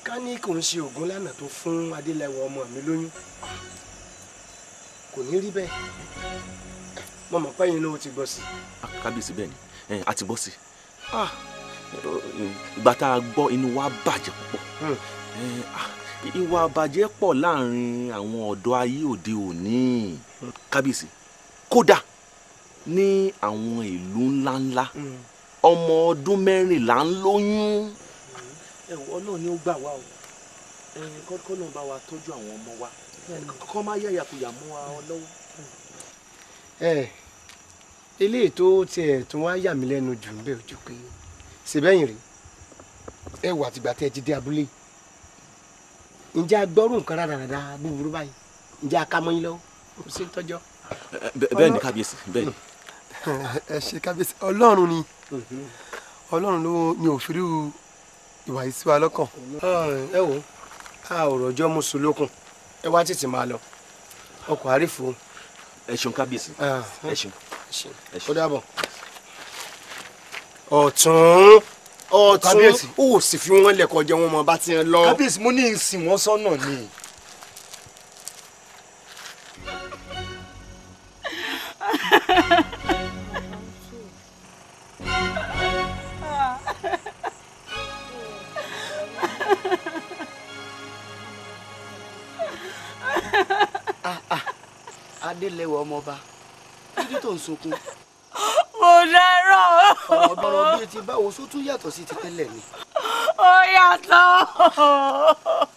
ká ní kò ń ṣe ògùn lánàá tó fún adélẹ́wọ̀ ọmọ mi lóyún kò ní rí bẹ́ẹ̀ mo mọ̀ pé yín ló ti gbọ́ sí. Ah, kábíyèsí bẹ́ẹ̀ ni a ti gbọ́ sí ah. ìgbà tá a gbọ́ inú wa bàjẹ́ pọ̀ hmm. ah, ìwà bàjẹ́ pọ̀ láàrin àwọn ọ̀dọ́ ayé òde òní kábíyèsí kódà ní àwọn ìlú ńláńlá hmm. ọmọ ọdún mẹ́rìnlá ń lóyún. ẹ wọ náà ni ó gbà wá o kọ́kọ́ náà bá wa tọ́jú àwọn ọmọ wa kọ́kọ́ má yàyàkuyà mọ́ wa lọ́wọ́ eléyìí tó tiẹ̀ tún wá yà mí lẹ́nu jù ń bẹ̀ ojú pé ṣèbẹ́yìn rèé ẹ wà tìgbà tẹ́ ẹ ti dé abúlé ǹjẹ́ agbọ́rù nǹkan rádaràda búburú báyìí ǹjẹ́ akámọ́yìn lọ́wọ́ kò sí tọ́jọ́. bẹ́ẹ̀ ni kábíyèsí bẹ́ẹ̀ ni. ẹ ṣe kábíyèsí ọlọ́run ni mhm. ọlọ́run ló ní òfìrí ìwà yìí sí wa lọ́kàn. ẹ wo a ò rọjọ́ mùsùn lókun ẹ wá tètè máa lọ ọkọ̀ àrífò. ẹ ṣeun kábíyèsí ah. ẹ ṣeun ó dàbọ̀ ọ̀tún ọ̀tún ó sì fi wọ́n lẹ̀kọ́ jẹ́ wọn mọ bá ti lọ. kábíyèsí mo ní ìsìn wọn sọ́nà ni. Ah, ah. adélẹwà ọmọọba kíndí tó ń sunkún. mo dárọ̀. ọ̀rọ̀ bíi ti báwo só tún yàtọ̀ sí ti tẹ́lẹ̀ ni. ó yàtọ̀.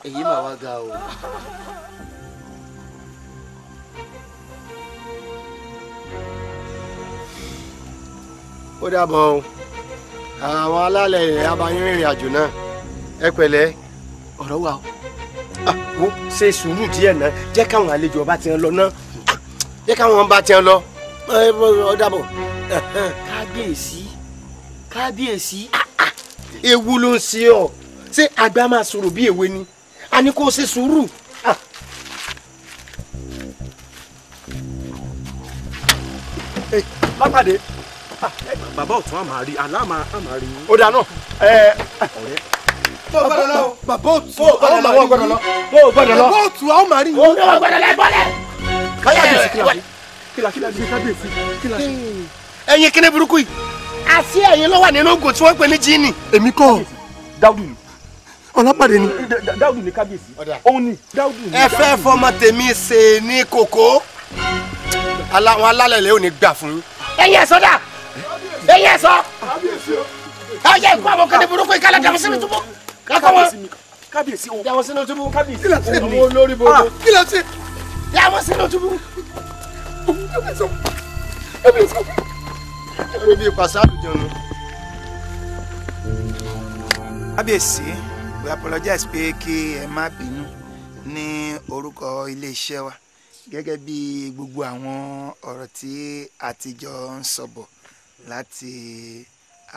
èyí mà wá ga o. ó dàbọ̀ o àwọn alálẹ̀ abayín rìnrìn àjò náà ẹ pẹ̀lẹ́ ọ̀rọ̀ wà o. Ah, wo ṣe sùúrù díẹ̀ náà jẹ́ káwọn àlejò ọba tiẹ̀ lọ náà ah, jẹ́ káwọn ọba tiẹ̀ lọ ọ̀dàbọ̀ kábíyèsí kábíyèsí ewu ló ń se ọ ṣé àgbà máa sọ̀rọ̀ bí èwe ni a ní kó o ṣe sùúrù. lápàdé bàbá ọ̀tún àmà rí àlá àmà rí. ó dáná ọ̀rẹ́ bó gbọ́dọ̀ lọ bó gbọ́dọ̀ lọ bó gbọ́dọ̀ lọ bó gbọ́dọ̀ lọ bó gbọ́dọ̀ lọ bó gbọ́dọ̀ lọ bó gbọ́dọ̀ lọ kí la ṣe láti gbé kábíyèsí kí la ṣe. ẹ̀yin kíní burúkú yìí àti ẹ̀yin ló wà nínú ògùn tí wọ́n pè ní jíìnì. èmi kọ́ dáúdù ni ọlápàdé ni dáúdù ni kábíyèsí òun ni dáúdù ni. ẹ fẹ́ fọmọ tèmi ṣe ní kòkó àwọn alálẹ̀ lè ò ní gbà fún yín. ẹ̀yin ẹ̀sọ́ dà ẹ̀yin ẹ̀sọ́ ẹ̀yin ẹ̀kọ́ àwọn kíní burúkú yìí kálẹ̀ dàmú síbi túbú kọ́kọ́ wọn kábíyèsí o dàmú sínú túbú kábíyèsí o olórí ah, bòbò kí ló ṣe dàmú sínú túbú. Ẹ̀rọ Kábíyèsí, we apologize pé kí ẹ má bínú ní orúkọ iléeṣẹ́ wa gẹ́gẹ́ bí gbogbo àwọn ọ̀rọ̀ tí a ti jọ ń sọ̀bọ̀ láti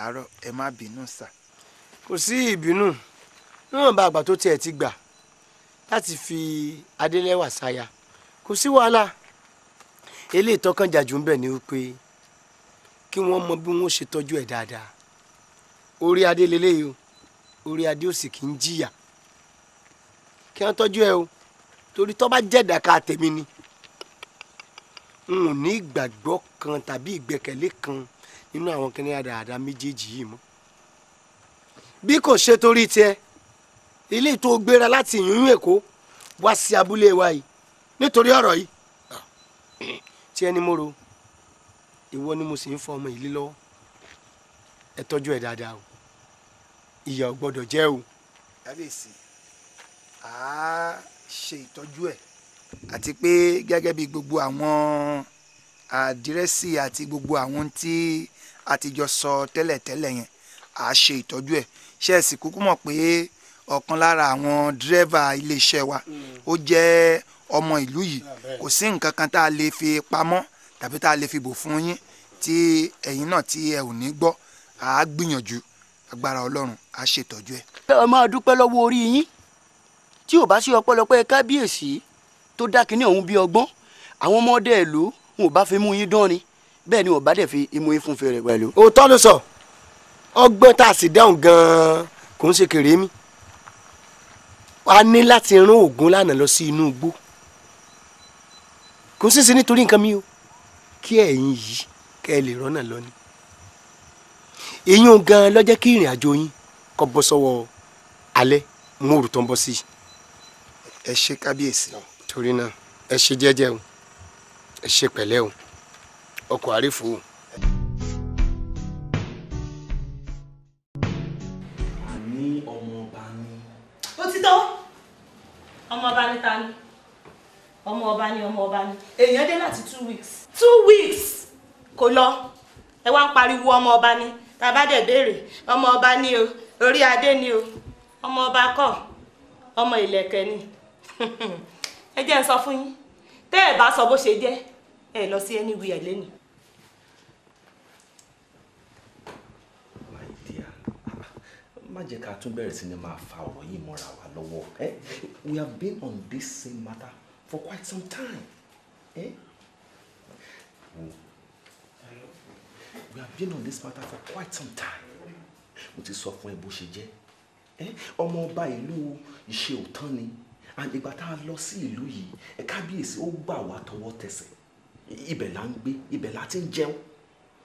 àárọ̀ ẹ má bínú sà. Kò sí ìbínú níwọ̀nba àgbà tó tiẹ̀ ti gbà láti fi Adélẹ́wà ṣaya kò sí wàhálà eléyìí tọ́kàn jàjù ń bẹ̀ ni wípé kí wọ́n mọ bí wọ́n ṣe tọ́jú ẹ̀ dáadáa orí adé leléyìí o orí adé ò sì kì í jìyà kí wọ́n tọ́jú ẹ o torí tọ́ bá jẹ̀dá ká tèmi ni n ò ní ìgbàgbọ́ kan tàbí ìgbẹ́kẹ̀lé kan nínú àwọn kìnìún àdáadáa méjèèjì yìí mọ́ bí kò ṣe torí tiẹ̀ ilé tó gbéra láti ìyún èkó wá sí abúlé wa yìí nítorí ọ̀rọ̀ yìí tiẹ̀ ni mo ro ìwọ ni mo sì ń fọ ọmọ yìí lọ́wọ́ ẹ tọ́jú ẹ dáadáa o ìyà ò gbọ́dọ̀ jẹ́ o. kábíyèsí a ṣe ìtọ́jú ẹ̀ àti pé gẹ́gẹ́ bí gbogbo àwọn àdírẹ́sì àti gbogbo àwọn tí a ti jọ sọ tẹ́lẹ̀tẹ́lẹ̀ yẹn a ṣe ìtọ́jú ẹ̀ ṣe é kúkú mọ̀ pé ọ̀kan lára àwọn dírẹ́fà iléeṣẹ́ wa ó jẹ́ ọmọ ìlú yìí kò sí nǹkan kan tá a lè fi pamọ́ tàbí tá a lè fi bò fún yín tí ẹ̀yin náà tí ẹ ò ní gbọ́ à á gbìyànjú agbára ọlọ́run á ṣètọ́jú ẹ. ẹ máa dúpẹ́ lọ́wọ́ orí yín tí ò bá sí ọpẹ́lọpẹ́ kábíyèsí tó dá kínní ọ̀hún bíi ọgbọ́n àwọn ọmọdé ẹ̀ ló wọn ò bá fi mú yín dán ni bẹ́ẹ̀ ni wọn bá dẹ̀ fi imú yín fún fèrè pẹ̀lú. òótọ́ ló sọ ọgbọ́n tá a sì dáhùn gan-an kò ń ṣe kèrè mi a ní láti rún ògún lánàá lọ sí inú igbó kò sì sí nítorí nǹkan mi o kí ẹ̀yin yìí kẹ́ ẹ lè rọ́nà lọ ni èyí gan ló jẹ́ kí ìrìn àjò yín kó bọ́ sọ́wọ́ alẹ́ mòrù tó ń bọ́ sí i. ẹ ṣe kábíyèsí. torí náà ẹ ṣe jẹ́jẹ́ o ẹ ṣe pẹ̀lẹ́ o ọkọ̀ àrífò o. ọmọ ọba ni ta ni ọmọ ọba ni ọmọ ọba ni èèyàn dé láti two weeks two weeks kò lọ ẹ wá ń pariwo ọmọ ọba ni tàbá dẹ̀ béèrè ọmọ ọba ni o orí adé ni o ọmọ ọba kọ́ ọmọ ìlẹ̀kẹ̀ ni ẹ jẹ́ ń sọ fún yín tẹ́ ẹ bá sọ bó ṣe jẹ́ ẹ lọ sí anywhere lẹ́nu. má jẹ́ ká tún bẹ̀rẹ̀ sí ni máa fa ọ̀rọ̀ yìí mọ́ra wa lọ́wọ́ eh, we have been on this same matter for quite some time. Eh? Oh. We have been on this matter for quite some time. Mo ti sọ fún ẹ bó ṣe jẹ́. Eh? Ọmọ ọba ìlú ìṣe òtán ni. Àgbègbà tá a lọ sí ìlú yìí, ẹ kábíyèsí ó gbà wá tọwọ́ tẹsẹ̀. Ibẹ̀ là ń gbé, ibẹ̀ là ti ń jẹun.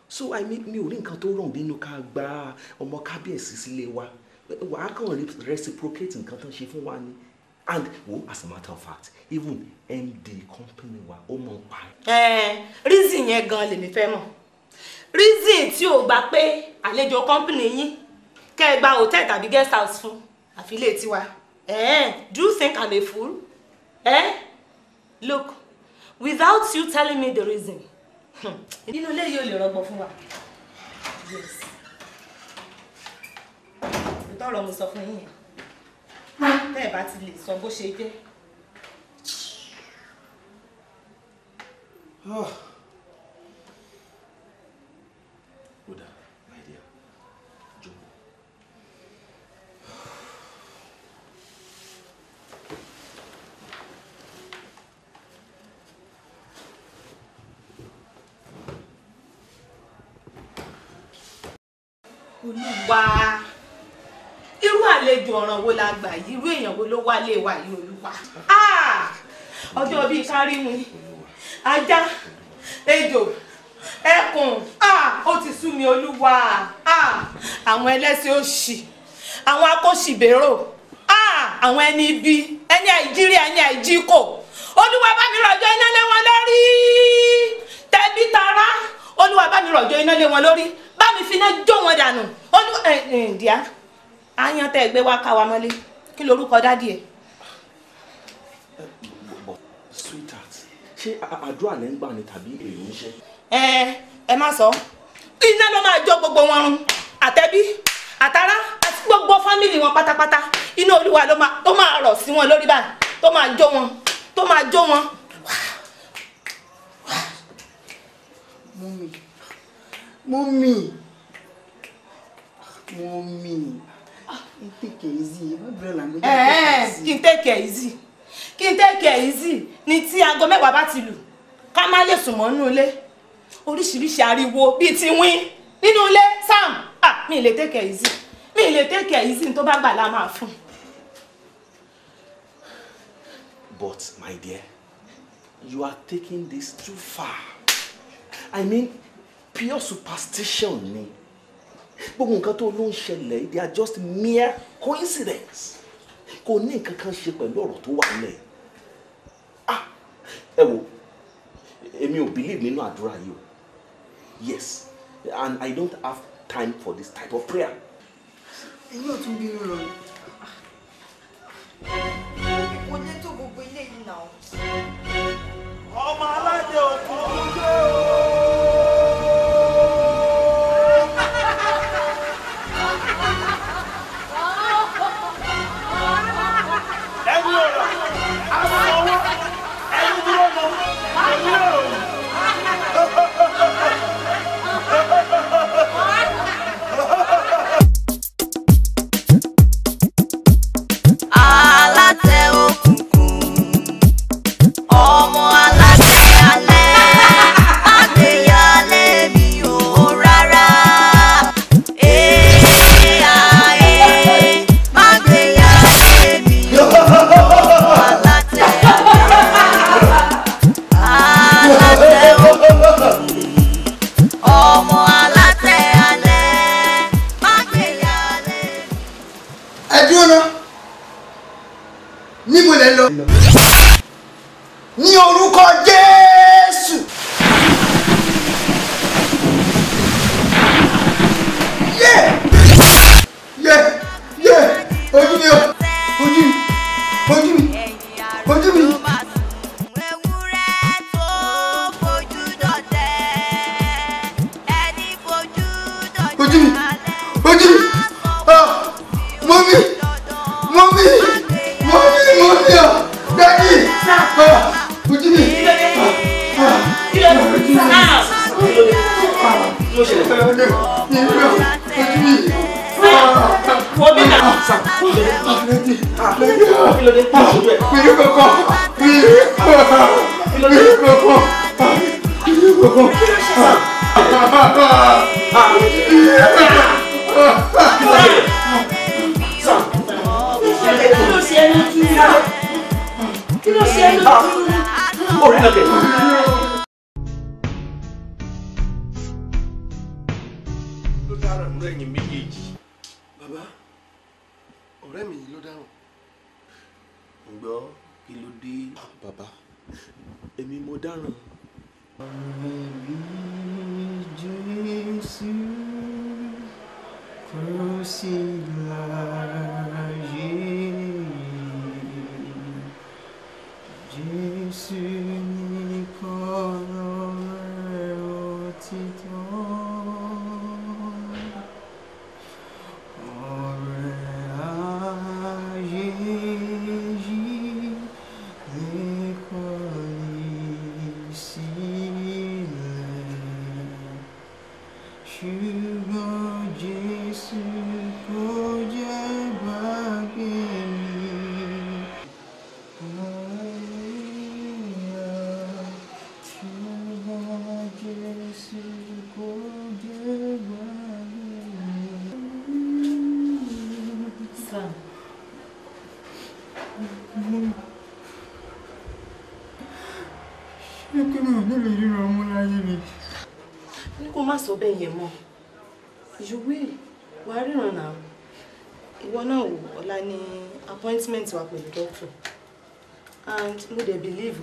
So I mean mi ò rí nǹkan tó rọ̀ nínú ká gba ọmọ kábíyèsí sílé wa. Wàá kàn reciprocate nǹkan tó ń ṣe fún wa ni and wo as a matter of fact even md company wa ó mọ̀ pa. ẹ eh, reason yẹn gan lèmi fẹ́ mọ̀ reason tí o gbà pé àlejò company yín kẹ́ gba hotel tàbí guest house fún àfi ilé tiwa eh, do you think i'm a fool? Eh? look without you telling me the reason nínú hmm, ilé yìí ò lè rọgbọ fún wa yes ìtọ́rọ̀ mo sọ fún yín tẹ́ ẹ̀ bá ti lè sọ bó ṣe jẹ́. kódà ah. my ọ̀ràn wo la gbà yìí irú èèyàn wo ló wálé wa yìí olúwa ọjọ́ bíi kárímu ajá ejò ẹkùn ó ti sú mi olúwa àwọn ẹlẹ́sìn òṣì àwọn akóṣìbérò àwọn ẹni ibi ẹni àìjírí ẹni àìjíkò olúwa bá mi rọ̀jò iná lé wọn lórí tẹbí tará olúwa bá mi rọ̀jò iná lé wọn lórí bá mi fi iná jó wọn dànù olúwa ẹ̀ ẹ̀ ǹdíà ayan tẹ́ ẹ gbé wá ká wa mọ́lé kí lorúkọ dádì ẹ̀. sweetheart ṣé àdúrà lẹ́ ń gbà ni tàbí èyí ń ṣe. ẹ ẹ má sọ iná ló máa jọ gbogbo wọn run àtẹbí àtàrà àti gbogbo fámìlì wọn pátápátá iná olúwa ló máa rọ̀ sí wọn lórí báyìí tó máa jó wọn tó máa jó wọn. mummy mummy mummy kí n take it eh, eh, ni tí aago mẹ́wàá bá ti lù ká má lè sùn mọ́ nínú ilé oríṣiríṣi ariwo bíi ti wín nínú ilé sam mi lè take it mi lè take it tó bá gbà la máa fún. but my dear you are taking this too far i mean pure superstition ni. Me gbogbo nǹkan tó ló ń ṣẹlẹ̀ they are just mere coincidence kò ní nǹkan kan ṣe pẹ̀lú ọ̀rọ̀ tó wà nílẹ̀ ah ẹ wo èmi ò believe nínú àdúrà yìí o yes and I don't have time for this type of prayer. èyí ò tún bínú lọ ni kò ní tó gbogbo ilé yìí náà. ọmọ aládé òkú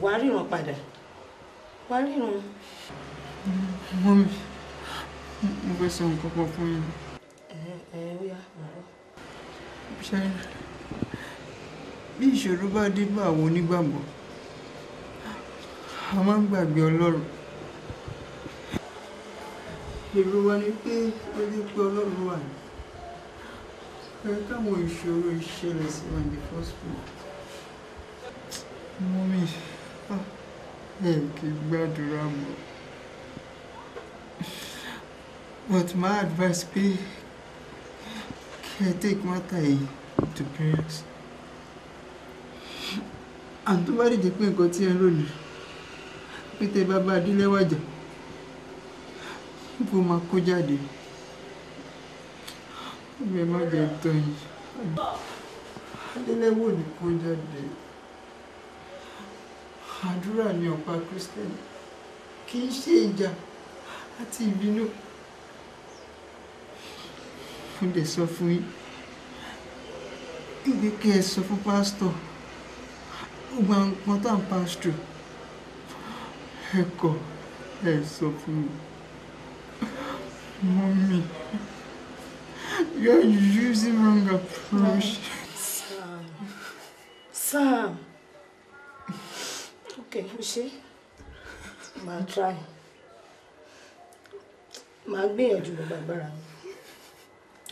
wàá ríran padà wàá ríran. mọ́mí mo fẹ́ sọ nǹkan kan fún yín. bí ìṣòro bá dé bá àwọn onígbàgbọ́ a máa ń gbàgbé ọlọ́run èrò wa ni pé orí pé ọlọ́run wà ní pé káwọn ìṣòro ìṣẹ̀lẹ̀ sí wa ní first place. mọ́mí ẹ kì í gbàdúrà mọ́ but my advice be kẹ́ take matter yìí to prayers and tó bá dìde pé nǹkan tí ẹ ń rò ní pété bàbá adílẹ́wàjà bó máa kó jáde mi má jẹ tán yìí adílẹ́wò ní kó jáde àdúrà ni ọ̀pá kristẹni kì í ṣe ìjà àti ìbínú mo dẹ̀ sọ fún yín ìgbé kẹ́ ẹ sọ fún pásítọ̀ gbogbo àwọn nǹkan tá à ń pásítọ̀ ẹ kọ ẹ sọ fún mi mọ́mí you are using wrong approach. Sam. Sam okay o see. I'll try máa gbìyànjú gbogbo agbára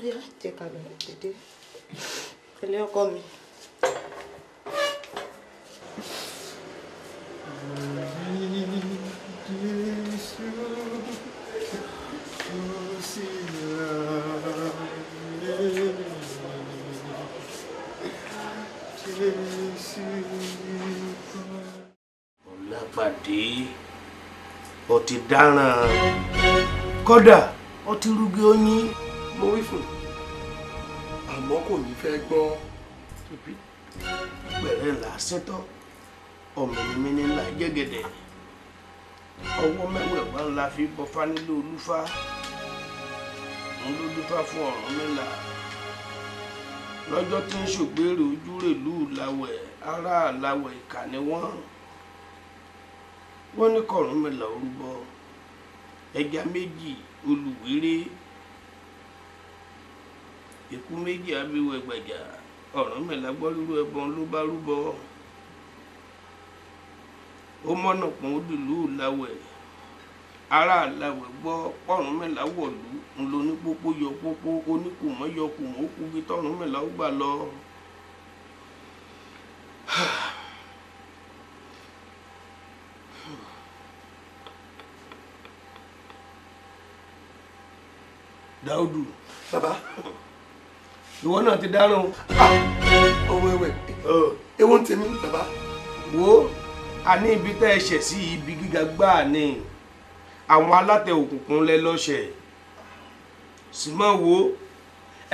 mi yá jẹ́ ká lọ dédé ilé ọkọ mi. Mm-hmm. ó ti dáràn kódà ó ti rúgbìn oyin mo wí fún àmọ́ kò ní fẹ́ gbọ́ bẹ̀rẹ̀ là ṣetán ọmọ mi ní ńlá jẹ́gẹ̀dẹ̀ ọwọ́ mẹ́wẹ̀ẹ̀wá ńlá fi bọ́fá nílé olúfá òun ló dúfá fún ọ̀run mẹ́la lọ́jọ́ tí ń ṣògbérè ojú rèlú làwẹ̀ ará làwẹ̀ ìkà ni wọ́n ní kọ̀rùnmọ́là orúbọ ẹja méjì olùwérè èkú méjì abíwọ ẹgbàjà Ọ̀rúnmìlà gbọ́ rírú ẹbọn ló bá rúbọ ó mọ́nà pọ́n ó dìlú làwẹ̀ ará làwẹ̀ gbọ́ pọ́rùnmìlà wọ̀lú ńlọ ní pópó yọ pópó oníkùmọ́ yọ kùmọ́ ó kú bí tọ́rùnmìlà ó gbà lọ. dáúdù bàbá ìwọ náà ti dáràn ọwọ ẹwẹ ewu ń tèmi bàbá. wo àní ibi tẹ́ ẹ ṣẹ̀ sí ibi gíga gbáà ni àwọn alátẹ òkùnkùn lẹ lọ́ṣẹ̀ sì máa wo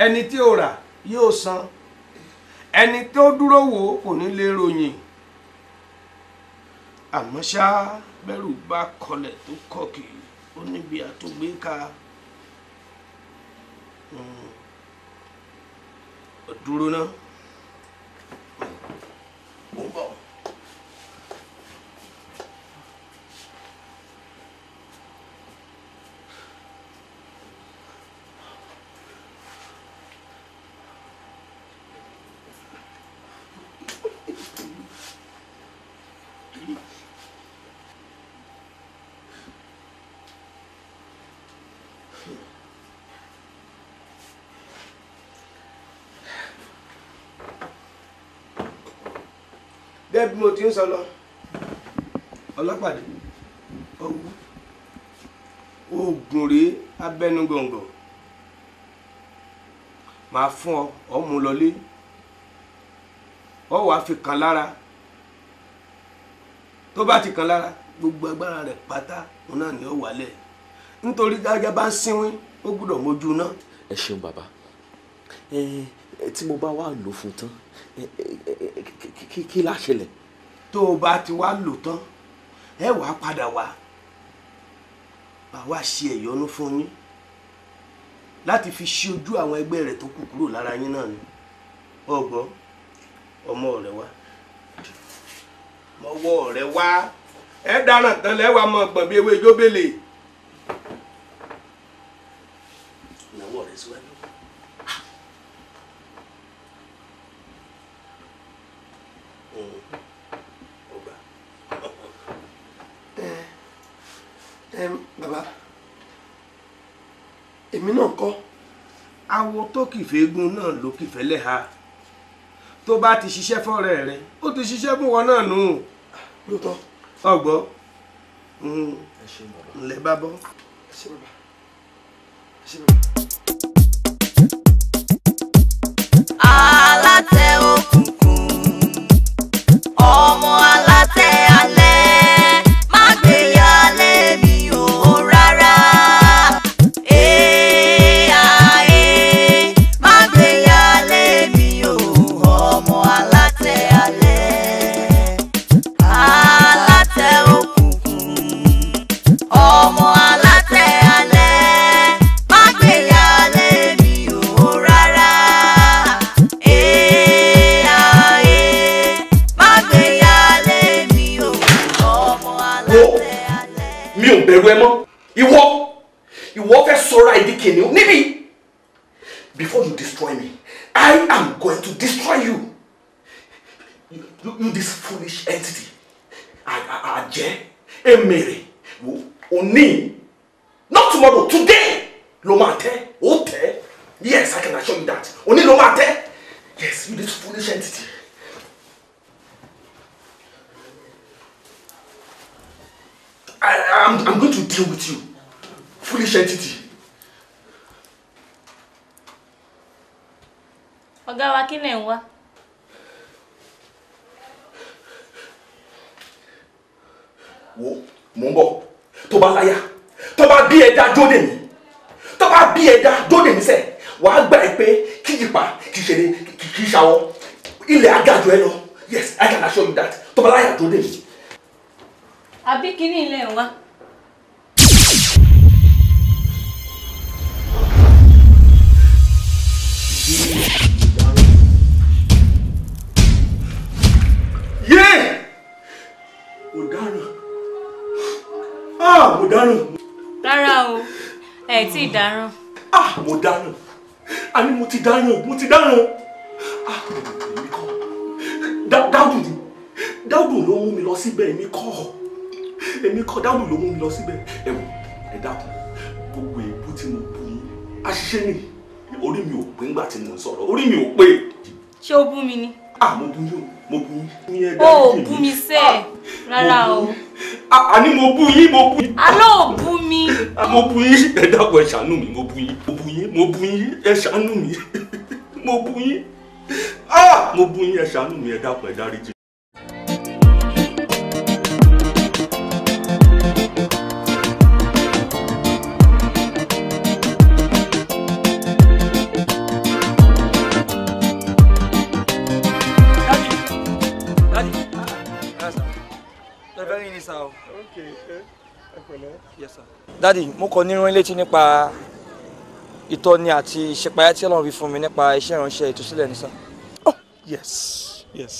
ẹni tí ó rà yóò san ẹni tó dúró wò kò ní lè ròyìn àmọ́ ṣá bẹ́rù bá kọlẹ̀ tó kọ̀ kì í ó níbi àtúgbé ka. dúró ná mò ń bọ̀. gẹ́gẹ́ bí mo ti ń sọ lọ ọlọ́pàdé oògùn rèé màá fún ọ ọ lọlé ọ wàá fi kàn lára tó bá ti kàn lára gbogbo agbára rẹ pátá òun náà ni ó wálẹ̀ nítorí dájá bá ń sínwín ó gbúdọ̀ mójú náà. ẹ ṣeun bàbá tí mo bá wà lò fún tán Eh, eh, eh, kí kí la ṣẹlẹ̀. tó o bá ti wá lò tán ẹ wàá padà wá àwa ṣe ẹ̀yọ́nú fún yín láti fi ṣe ojú àwọn ẹgbẹ́ rẹ̀ tó kù kúrò lára yín náà ni ọgbọ́n ọmọ rẹ̀ wá mọ́wọ́ rẹ̀ wá ẹ dáràn tán lẹ́wàá mọ́ gbọ̀n bí ewé jóbélé. èmi náà kọ́ awo tó kìfẹ́ egun náà ló kìfẹ́ lẹ́ha tó bá ti ṣiṣẹ́ fọ́rẹ́ rẹ ó ti ṣiṣẹ́ fún wọn náà nù lóòótọ́ ọgbọ́ bá bọ́. I foolish entity. ọ̀gá wa kí lẹ̀ ń wá. wo mò ń bọ̀ tó bá láyà tó bá bí ẹ̀dá jóde mi tó bá bí ẹ̀dá jóde mi sẹ̀ wàá gbà ẹ pé kí yípa kì í ṣeré kì í ṣàwọ̀ ilẹ̀ agàjọ ẹ lọ yes I can assure you that tó bá láyà jóde mi. àbí kínní ilé ń wá. ah mo dáràn. rárá o ẹ tí dáràn. ah mo dáràn àní mo ti dáràn mo ti dáràn ah èmi kọ́ dáúdù ni dáúdù ló mú mi lọ síbẹ̀ èmi kọ́ èmi kọ́ dáúdù ló mú mi lọ síbẹ̀ ẹ wò ẹ dákun gbogbo èébú tí mo bú yín àṣìṣe ni orí mi ò pé ńgbà tí mo ń sọ̀rọ̀ orí mi ò pé. ṣé o bú mi ni. ah mo bú yín o mo bú yín. o ò bú mi sẹ́ẹ̀ ah, rárá o àní mo bú yín mo bú yín. àlọ́ ò mi. mo bú yín ẹ dákun ẹ ṣàánú mi mo bú yín mo bú yín mo bú yín ẹ ṣàánú mi mo bú yín ah, mo bú yín ẹ ṣàánú mi ẹ dákun ẹ dáríjì. dádì mo kọ nírun létí nípa ìtọ́ni àti ìṣèpáyà tí ọlọ́run fi fún mi nípa iṣẹ́ ìránṣẹ́ ìtúsílẹ̀ ní sá. oh yes yes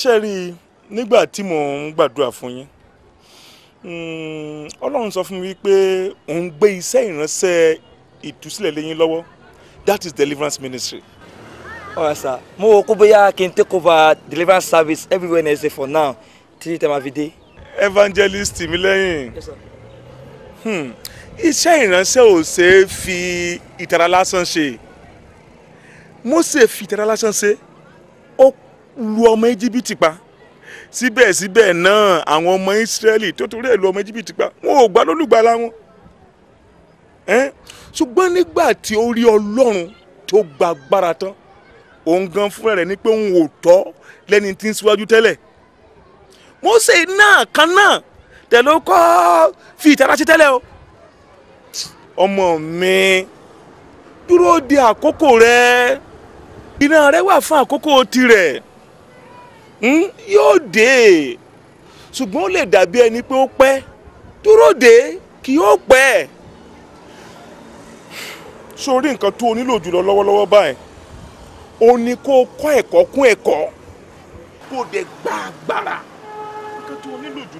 ṣe rí i nígbà tí mò ń gbàdúrà fún yín hmm, ọlọ́run sọ fún mi pé òun gbé iṣẹ́ ìránṣẹ́ ìtúsílẹ̀ lẹ́yìn lọ́wọ́ that is deliverance ministry. ọ̀rọ̀ sà mo wò ó kó bóyá kí n take over deliverance service every Wednesday for now títí tẹ́ máa fi dé evangelist Tìmílẹ́yìn hmm. iṣẹ́ ìránṣẹ́ ò ṣe é fi ìtara lásán ṣe Mósè fi ìtara lásán ṣe ó lu ọmọ Íjíbítì pa síbẹ̀síbẹ̀ náà àwọn ọmọ Ísírẹ́lì tó torí ẹ̀ lu ọmọ Íjíbítì pa wọn ò gbà lólùgbàlà wọn ṣùgbọ́n nígbà tí ó rí Ọlọ́run tó gba agbára tán òun gan fúnra rẹ̀ ní pé òun ò tọ́ lẹ́ni tí ń síwájú tẹ́lẹ̀ mose náà kan náà tẹ̀ ló kọ́ fi ìtara ṣe tẹ́lẹ̀ o ọmọ mi dúró de àkókò rẹ iná rẹ wà fún àkókò tirẹ̀ hmm? yóò dé ṣùgbọ́n ó lè dàbí ẹni pé ó pẹ́ dúró de kì yóò pẹ́ sórí nǹkan tó o nílò jùlọ lọ́wọ́lọ́wọ́ báyìí o ní kó o kọ́ ẹ̀kọ́ kún ẹ̀kọ́ kó o dẹ̀ gbàgbàrà.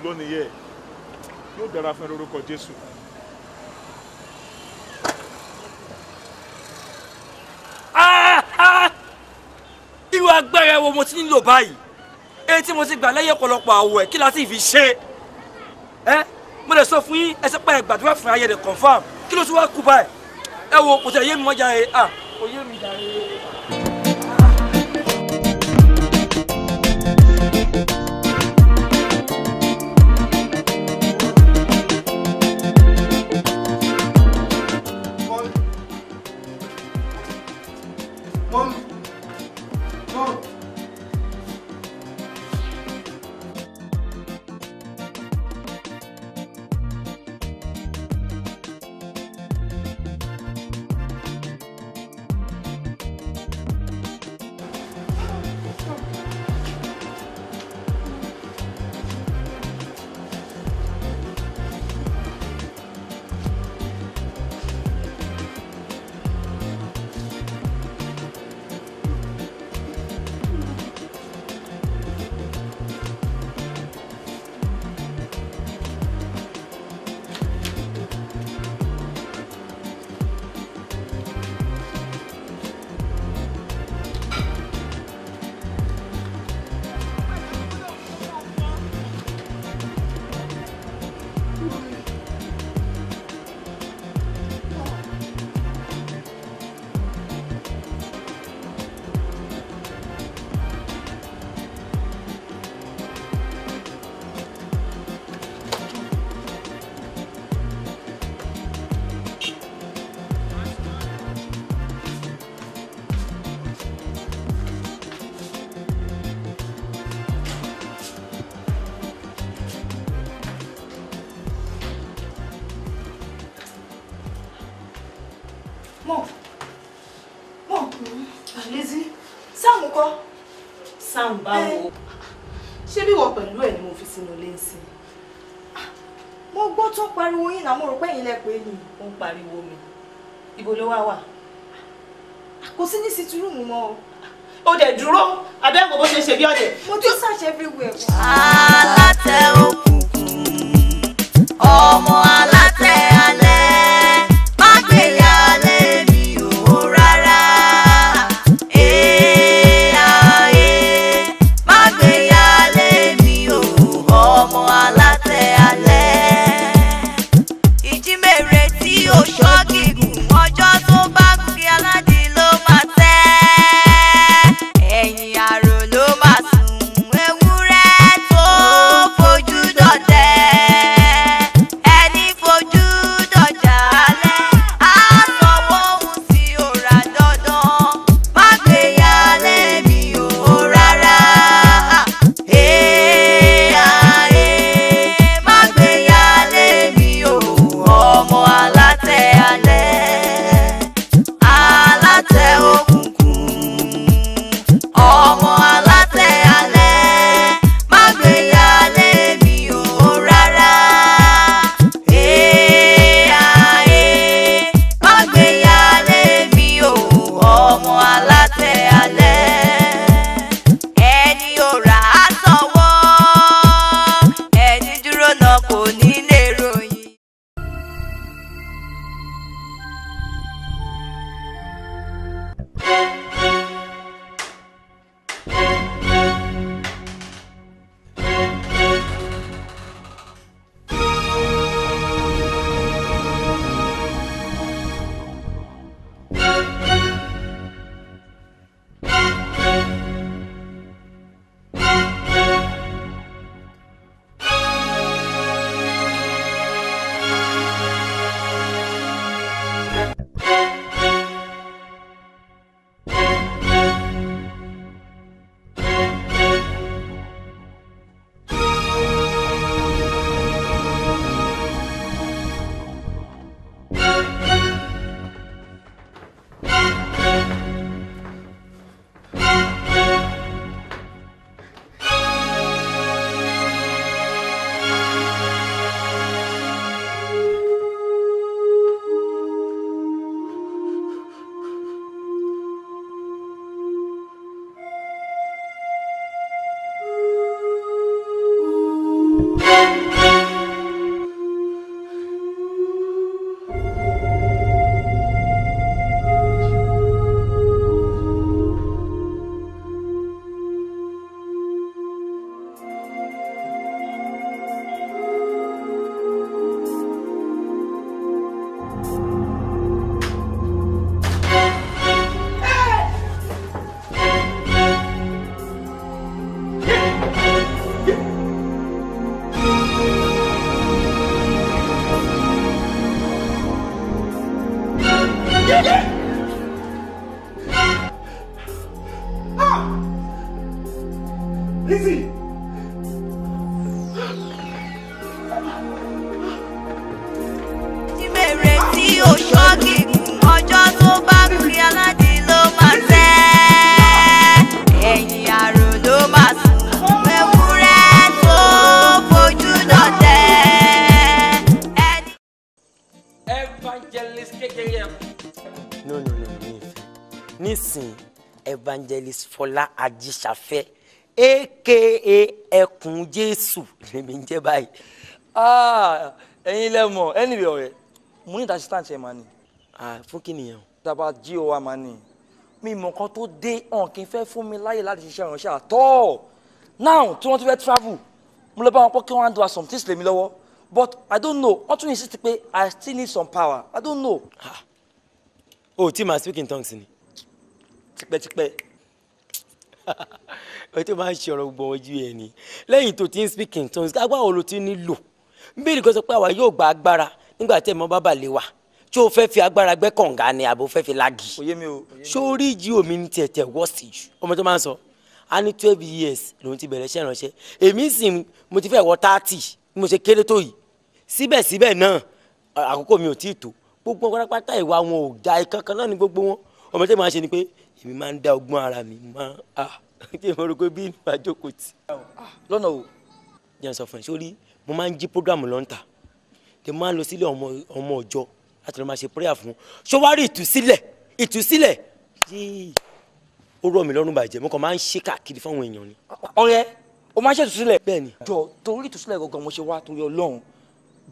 jùlọ nìyẹn yóò dára fún lórúkọ Jésù. irú agbára ẹwọ mo ti nílò báyìí èyí tí mo ti gbà lẹ́yìn ọ̀pọ̀lọpọ̀ àwọ̀ ẹ̀ kí la sì fi ṣe ẹ́ mo lè sọ fún yín ẹsẹ̀ pa ẹ̀gbàdúrà fún ayẹyẹ rẹ̀ confam kí ló tún wá kú báyìí ẹ wo kò tẹ̀ yé mi wọ́n jáde à kò yé mi jáde. ibo ló wá wà kò sí ní sítúrúmù mọ́ o ó dẹ̀ dúró abẹ́ àgbò bó ṣe ṣe bí ọ̀dẹ̀. mo tún search everywhere. evangelist fọlá ajíṣàfẹ́ aka ẹkùn jésù lèmi ń jẹ́ báyìí ah, ẹ̀yin lẹ́mọ̀ ẹnìwé ọ̀rẹ́ mo ní ìdásí tàǹtì ẹ̀ máa ní. fún kí nìyẹn. dábà jí o wa máa ní mi mọ̀ kan tó dé hàn kí n fẹ́ fún mi láyè láti ṣiṣẹ́ ìránṣẹ́ àtọ́ now tí wọ́n ti fẹ́ travel mo lọ bá wọn pọ́ kí wọ́n á do some things lèmi lọ́wọ́ but i don't know wọ́n tún insist pé i still need some power i don't know. Ah. o oh, tí màá speak in tongues ni. tipẹ́tipẹ́ o tó máa ń ṣe ọ̀rọ̀ gbọ́ ojú ẹ̀ ni lẹ́yìn tó ti ń speak in tongues agbára wo ló ti nílò bíbélì kan sọ pé àwa yóò gba agbára nígbà tẹ́ ẹ̀ mọ́ bàbà lè wà tí o fẹ́ fi agbára gbẹ́ kànga ni àbò fẹ́ fi lagi sórí jí omi ní tiẹ̀ tiẹ̀ wọ́ọ̀sì jù ọmọ tó máa ń sọ a ní twelve years lòun ti bẹ̀rẹ̀ iṣẹ́ ìránṣẹ́ èmi sì mo ti fẹ́ wọ thirty mo ṣe kéré tó yìí síbẹ̀síbẹ̀ náà àkókò mi ò tí ì tó gbogbo pátá ìwà wọn ò da ìkankan náà ní gbogbo wọn ọmọ tó máa ń ṣe ni pé èmi máa ń dá ọgbọ́n ara mi máa à ah, kí mo rò pé bí inú àjókòó ti. Ah, lọ́nà o jẹ́ n sọ fún ẹ sórí mo máa ń jí program lọ́ńtà tí mo máa ń lọ sílé ọmọ ọjọ́ láti lọ máa ṣe prayer fún ṣọwárí ìtúsílẹ̀ ìtúsílẹ̀ ó rọ̀ mí lọ́rùn bàjẹ́ mo kàn máa ń ṣe káàkiri fáwọn èèyàn ni. ọ̀rẹ́ o máa ń ṣe ìtúsílẹ̀. bẹ́ẹ̀ni. jọ torí ìtúsílẹ̀ gangan mo ṣe wá torí Ọlọ́run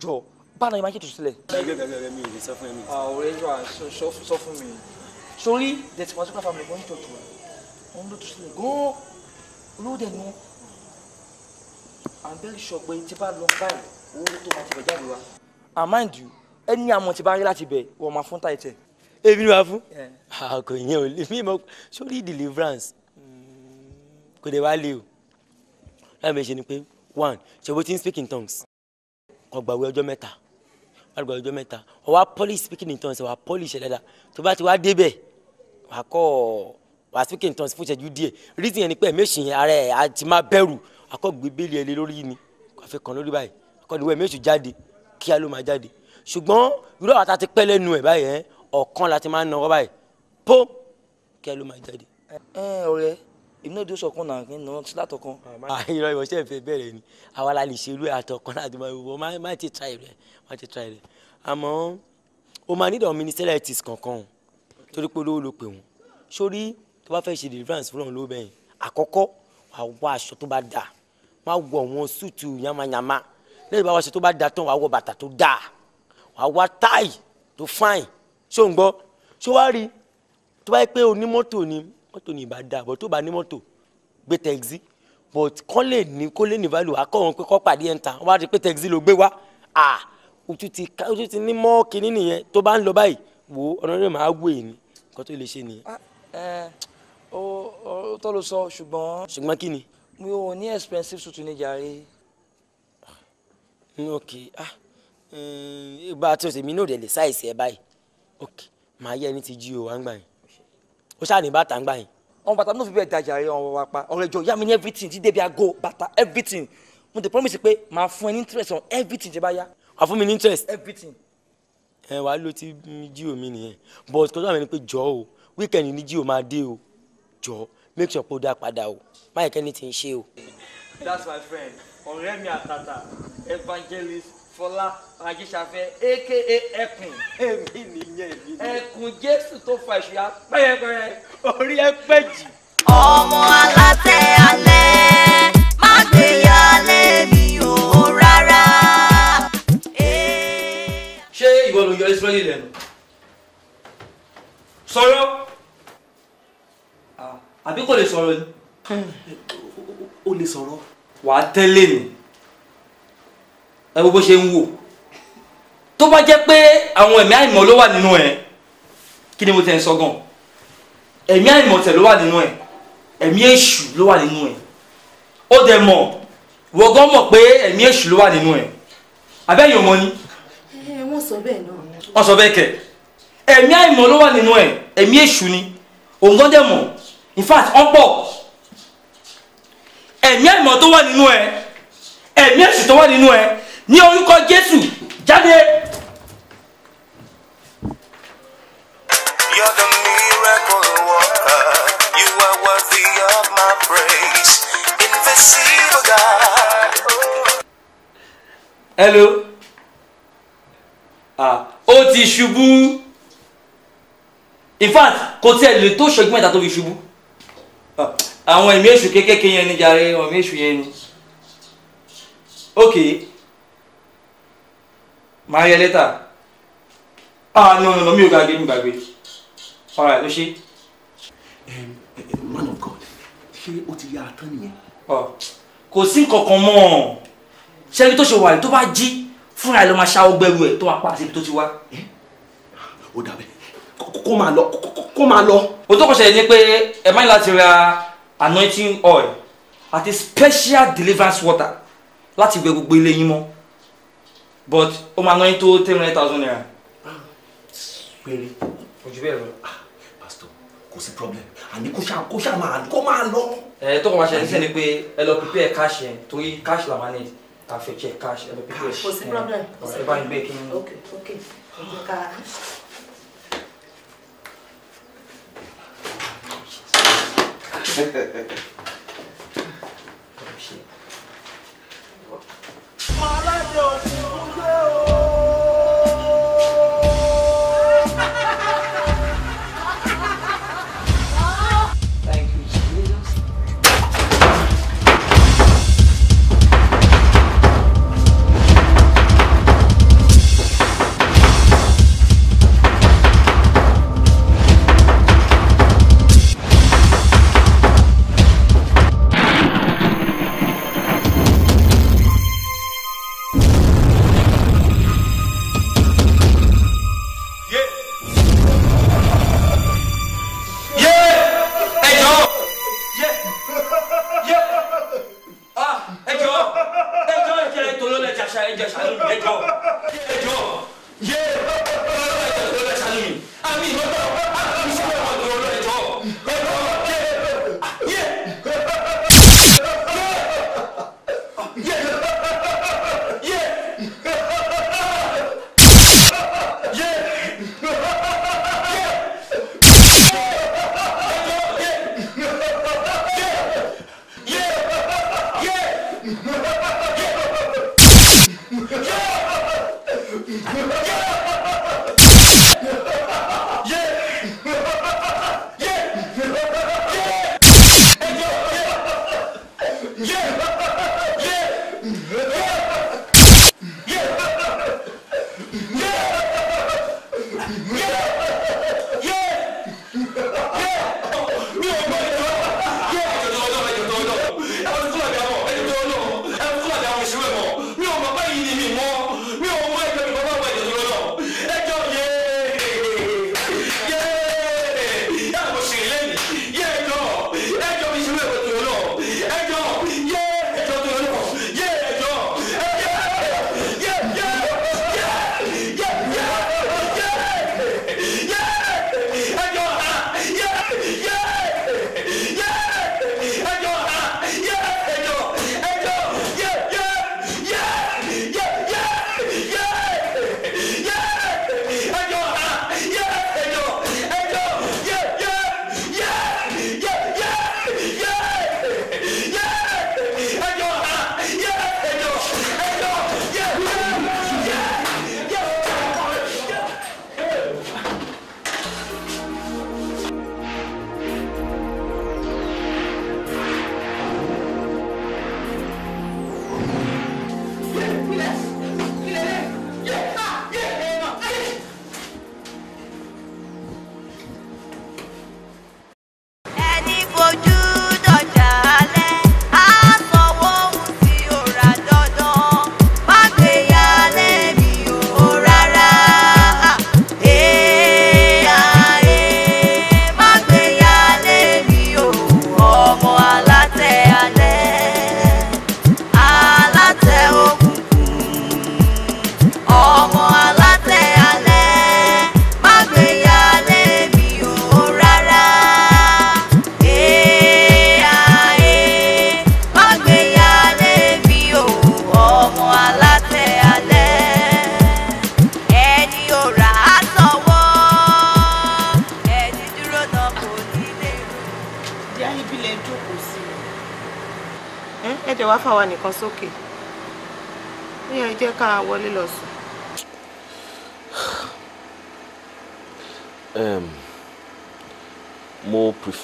jọ báwo ni o máa ń ṣe ìtúsílẹ̀. ọ̀rẹ́ yóò sọ fún mi sórí dẹ̀tí pàṣípà family bọ́ to tọ̀tù wa òun ló tún sílẹ̀ gan no. i'm very sure pé tí bá lọ báyìí owó to máa ti bẹ̀ jáde wa. and mind you any amount of bá rí láti bẹ̀ wọ́n máa fún táyì tẹ̀. èmi ni wàá fún kò yẹn ò lè mí mọ deliverance Could dé wá you? o láì bẹ́ẹ̀ ṣe ni one ṣe bó ti ń speak in tongues kò gbàgbé ọjọ́ mẹ́ta wọ́n gbàgbé ọjọ́ mẹ́ta ọwọ́ polish speaking in tongues ọwọ́ polish ẹ̀dá To bá ti wá débẹ̀ wà á kọ́ wà á sí kí n tán sí fún ìṣẹ́jú díẹ̀ reason yẹn ni pé ẹ̀mẹ́sì yẹn ara ẹ̀ á ti máa bẹ̀rù wà á kọ́ gbé bẹ́ẹ̀lì ẹ̀lẹ́ lórí ni kò fẹ́ kàn lórí báyìí wà á kọ́ níwọ̀ ẹ̀mẹ́sì jáde kí a ló máa jáde ṣùgbọ́n irú àwọn àti pẹ́ lẹ́nu ẹ̀ báyìí ẹ̀ ọ̀kan la ti máa ń nà wọ́ báyìí pó kí á ló máa jáde. ẹ ọ̀rẹ́ iná ìdí oṣù ọkàn náà kí n nà sí látọkàn. àyìnrọ ìwọ̀sẹ̀ bẹ̀rẹ̀ ni àwa la lè ṣerú àtọkàn láti máa wọ má ti try rẹ̀ má ti try rẹ̀ àmọ́ o máa nídọ̀ ministerialities kankan o torí pé olówó ló pè wọ́n sórí tó bá fẹ́ ṣe deliverance fúnra ló bẹ̀yìn àkọ́kọ́ wà á wọ aṣọ tó bá dà wọ́n á wọ àwọn súùtù yamayama lẹ́yìn bá wọ aṣọ tó bá dà tán wà á wọ bàtà tó dà wà wọ táì tó fáìn ṣó ń gbọ́ ṣó wá rí tó bá yẹ pé onímọ́tò ni mọ́tò ni ìbá dà bọ́ tó bá ní mọ́tò gbé tẹ́gì but kọ́ lè ní kó lè ní value akọ́wọn pé kọ́ pàdé ẹ̀ wọ́n á ti pé tẹ́gì ló gbé wá ah ojú ti ní mọ́ kinní nìyẹn tó bá ń lọ báyìí wò ó ọ̀nà rẹ̀ máa wò é ni nǹkan tó lè ṣe nìyẹn. ẹ ó tó ló sọ ṣùgbọ́n. ṣùgbọ́n kí ni. mi ò ní expensive suit ní jàre. Hmm, ok ah eh, ìgbà tí o sì mí ní òde lè ṣàìsí ẹ báyìí ok màá yẹ ẹni tí jí o wá ń gbà yẹn ó ṣáà ní bàtà ń gbà yẹn. ọmọ bàtà mi náà fi bẹ́ẹ̀ dájà rẹ ọmọ wa pa ọ̀rẹ́ jọ yá ní everything ti débi aago bàtà everything mo dey promise pé màá fún ẹ ní interest on everything tí bá yá. wàá fún mi ní interest. everything ẹ wà á lò tí jíò mi nìyẹn but kọjá mi ni pé jọ o wíkẹ̀ndì ni jíò máa dé o jọ make sure pé dá padà o má yẹ kẹ́ni tí ń ṣe o. that's my friend ọ̀rẹ́ mi àtàtà evangelist fọlá ajíṣafẹ́ aka ẹkùn èmi nìyẹn ẹkùn jésù tó fa ìṣúyà pẹ́yẹpẹ́yẹ orí ẹ pẹ́ jì. ọmọ alátẹ alẹ́. Ísírẹ́lì lẹ́nu sọ̀rọ̀ àbí kò lè sọ̀rọ̀ ni ó lè sọ̀rọ̀ wàá tẹ́lẹ̀ ni ẹ bó ṣe ń wò tó bá jẹ́ pé àwọn ẹ̀mí àìmọ̀ ló wà nínú ẹ̀ kí ni mo tẹ̀ ń sọ gan ẹ̀mí àìmọ̀ tẹ̀ ló wà nínú ẹ̀ ẹ̀mí èṣù ló wà nínú ẹ̀ ó dẹ̀ mọ̀ wọ́gán mọ̀ pé ẹ̀mí èṣù ló wà nínú ẹ̀ abẹ́yìn ọmọ ni. ẹ wọ́n sọ bẹ́ẹ̀ náà wọ́n sọ bẹ́ẹ̀ kẹ̀ ẹ̀mí ló wà nínú ẹ̀ ẹ̀mí èṣù ni òun gan dẹ̀ mọ̀ in fact wọ́n pọ̀ ẹ̀mí àìmọ̀ tó wà nínú ẹ̀ ẹ̀mí èṣù tó wà nínú ẹ̀ ní orúkọ Jésù jáde. Hello. Ah, ó ti ṣubú in fact kò tiẹ̀ lè tó ṣẹ́gun mẹ́ta tó fi ṣubú ah, àwọn ẹ̀mí èṣù kéékèèké yẹn ni jàre àwọn ẹ̀mí èṣù yẹn ni ok máa yẹ lẹ́tà ah no no no mi ò gbàgbé mi gbàgbé alright ló ṣe. man of God ṣé ó ti yára tán nìyẹn. Ah, kò sí nǹkan kan mọ́ ṣẹ́ni tó ṣe wà tó bá jí fúnra ẹ ló máa ṣáwó gbẹrú ẹ tó máa pàṣẹ ibi tó ti wá. ó dàbẹ̀ kó máa lọ kó máa lọ. òótọ́ kò ṣẹlẹ̀ ni pé ẹ máa ń láti ra anointing oil àti special deliverance water láti gbẹ gbogbo ilé yín mọ́ but ó máa ná yín tó three hundred thousand naira. péré ojú bẹ́ẹ̀ lọ. Ah, pastor kò sí problem àní kó ṣáà kó ṣáà máa kó máa lọ. ẹ tó kọ́ máa ṣe ẹ ní sẹ́ni pé ẹ lọ prepare cash yẹn torí cash la máa need. Tafece cash edhe pikërisht. Po si problem. Po e bajnë ok ok okej. Do ka Malandro!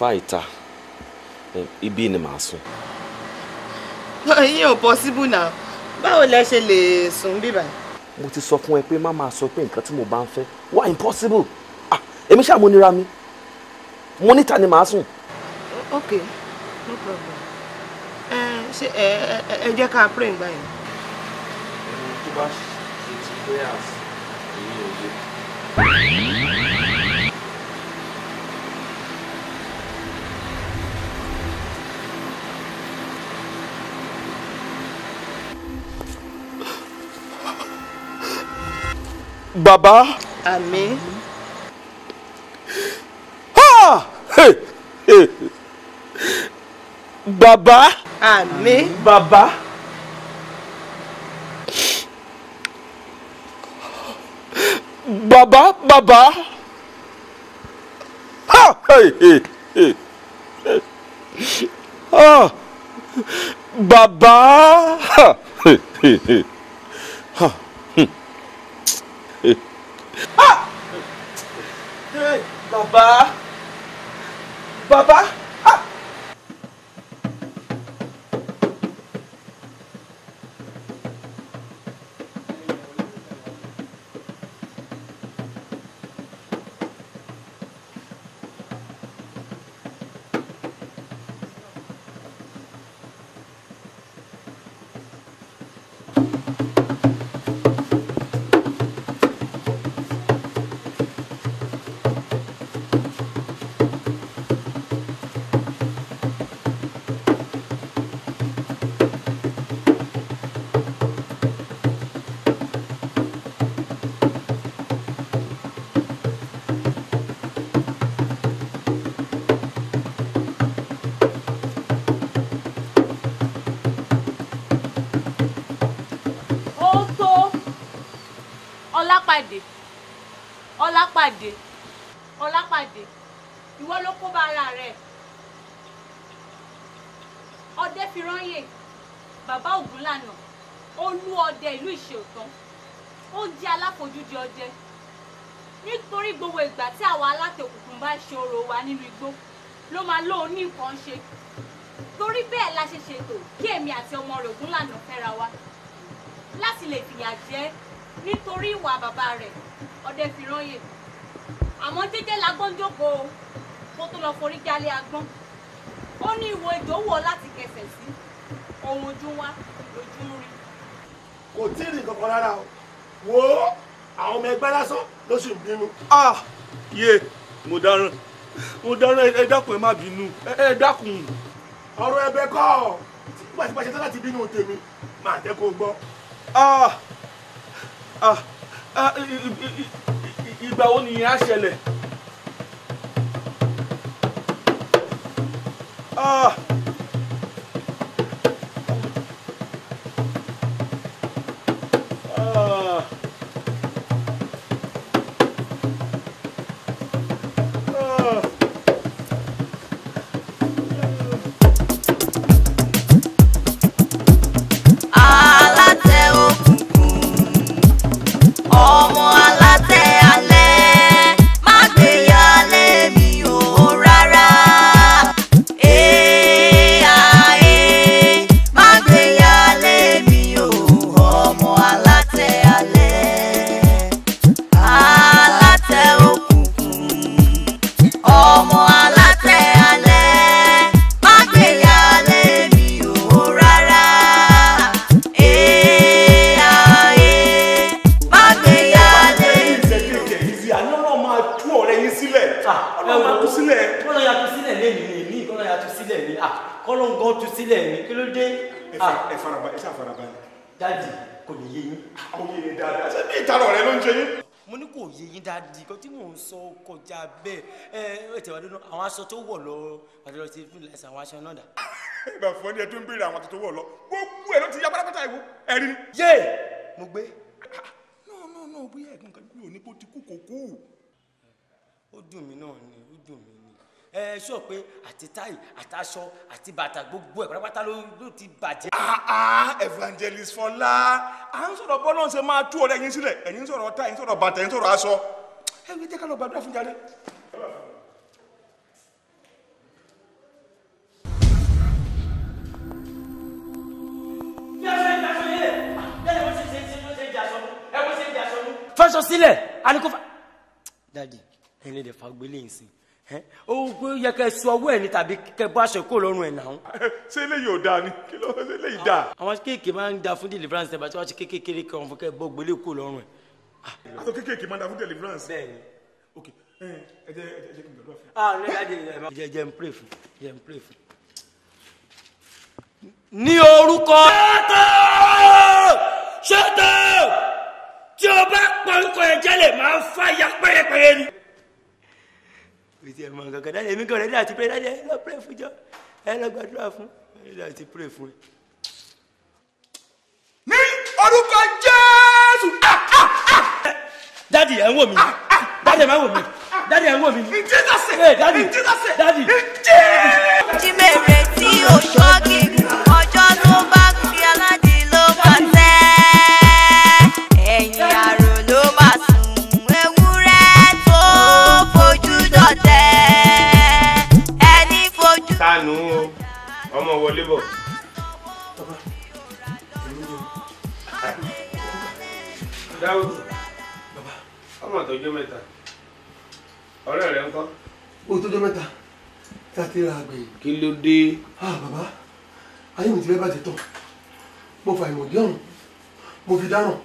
fight a ibi ni màá sùn. Ah, ìyẹn ò possible náà báwo lẹ ṣe lè sùn bíbá. mo ti sọ fún ẹ pé má máa sọ pé nǹkan tí mo bá ń fẹ́ wá impossible ah èmi ṣáà mo nira mi mo níta ni màá sùn. ok no problem ṣe ẹ ẹ jẹ́ ká pray ìgbà yẹn. tó bá ṣe ti prayers. Baba. Ha! bàbá. àmín. Baba. àmín. Baba. Baba. Baba. Ha! Hey, hey, hey. Ha! Baba. Ha! Hey, hey, hey. Ha! bàbá ah! bàbá. ọlápàdé ọlápàdé ìwọ ló kó bá ara rẹ ọdẹ fi rányè bàbá ògúnlànà olú ọdẹ ìlú ìṣèòtán ó jẹ aláfojúdi ọdẹ nítorí gbogbo ìgbà tí àwa aláta òkùnkùn bá ṣe orò wa nínú igbó ló máa lóun ní nǹkan ṣe torí bẹ́ẹ̀ la ṣe ṣètò kí èmi àti ọmọ rẹ̀ ògúnlànà fẹ́ra wa láti lè fìyà jẹ nítorí ìwà bàbá rẹ̀ ọdẹ fi rányè àmọ́ jẹ́jẹ́ lagbọ́n jókòó kó tó lọ forí jálé agbọ́n ó ní ìwo ejò wọ̀ láti kẹsẹ̀ sí ohun ojú wa lójú rí. kò tí ì rí nǹkan kan rárá o wo àwọn ọmọ ẹgbẹ́ lásán ló sì ń bínú. ah yé mo dáràn mo dáràn ẹ dákun ẹ má bínú ẹ dákun. ọ̀rọ̀ ẹ̀bẹ̀ kọ́ nígbà tí pàṣẹ láti bínú tèmi màá tẹ́ kó gbọ́. ah ah ah ìgbà wo nìyẹn á ṣẹlẹ̀. Ah! ọlọ́run yàtú sílẹ̀. kọ́lọ́ yàtú sílẹ̀ lé mi ní kọ́lọ́ yàtú sílẹ̀ ní à kọ́lọ́ gan tú sílẹ̀ ní kí ló dé. ẹ faraba ẹ faraba ni. dadi kò ní yé àwọn yé yín dáadáa bí ìtarọ̀ rẹ ló ń ṣe yín. mo ní kò yé dadi kan tí mò ń sọ kọjá bẹ́ẹ̀ ẹ ẹ tẹ̀wá dúró àwọn aṣọ tó wọ̀ lọ àdúrà ti fún ẹsẹ̀ àwọn aṣọ náà dà. ìgbà fún ẹni ẹ tó àwọn aṣọ wọ̀ lọ gbogbo ẹ ló ti yá pátápátá ìwọ ẹ rí ó dùn mí náà ni ó dùn mí ni ẹ sọ pé àti táì àtàṣọ àti bàtà gbogbo ẹ pátápátá ló ti bàjẹ́. evangelist fọlá à ń sọ̀rọ̀ bọ́lá ṣe máa tú ọ̀rẹ́ yín sílẹ̀ ẹ̀yin sọ̀rọ̀ táì ẹ̀yin sọ̀rọ̀ bàtà ẹ̀yin sọ̀rọ̀ aṣọ ẹ wí jẹ́ lọ gbàdúrà fún jàre. fẹsọ sílẹ̀ alikofa dadi ẹni lè fa gbélé nsìn ó yẹ kẹ sọ ọwọ́ ẹ̀ tàbí kẹ bọ́ aṣọ kó lọ́rùn ẹ̀ náà. ṣé eléyìí ò dáa ni kí ló ṣe eléyìí dáa. àwọn kéèké máa ń da fún deliverance tẹ̀bà tí wọ́n ti kékeré kan fún kẹ bọ́ gbélé kó lọ́rùn ẹ̀. aṣọ kéèké máa ń da fún deliverance. bẹ́ẹ̀ni ok ẹ jẹ ẹ jẹ kí n gbàdúrà fún. ah ní ẹ̀ka jẹ jẹ n pray fún jẹ n pray fún. ní orúkọ. ṣètò ṣètò tí o bá pọ̀ nǹkan lè máa ń fàyà pẹ́rẹpẹ́rẹ ni ìtì ẹ̀mọ̀ kankan dáadé èmi kan rẹ̀ dáadé àti pray dáadé ẹ lọ pray fún jọ ẹ lọ gbàdúrà fún ẹ lọ àti pray fún ẹ. ní orúkọ jésù. dáàdì ẹ̀ ń wò mí dáàdì ẹ̀ máa ń wò mí dáàdì ẹ̀ ń wò mí. ìdí sè é dáàdì dáàdì. jí mèrè tí o ṣọ́ọ̀kì. mà tọjọ́ mẹ́ta ọ̀rẹ́ rẹ ń kọ́. ó tọjọ́ mẹ́ta tàti ra àgbẹ̀. kí ló dé. ah bàbá ayé mi ti fẹ́ bàjẹ́ tán mo fà ìmọ̀dé ọ̀run mo fi dáràn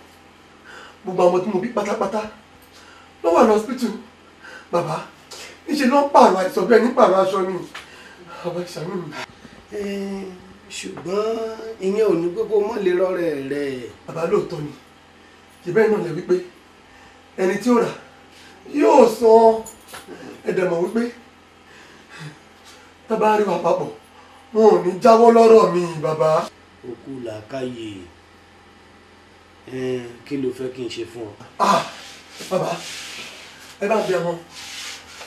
gbogbo àwọn tí mo bí pátápátá ló wà ní hospital bàbá níṣẹ́ ló ń pààrọ̀ àìsàn bẹ́ẹ̀ ní pààrọ̀ aṣọ ni bàbá ìṣàánú ṣùgbọ́n ìyẹn ò ní gbogbo mọ́lẹ́rọ̀ rẹ̀ rẹ̀. bàbá lóòótọ́ ni ìbẹ́ẹ̀ náà lẹ wípé ẹni tí ó rà yóò san ẹ̀dẹ̀mọ̀ wípé tábà rí wa papọ̀ wọn ò ní jáwọ́ lọ́rọ̀ mi bàbá. òkú làákàyè kí ló fẹ́ kí n ṣe fún ọ. bàbá ẹ bá bí ọmọ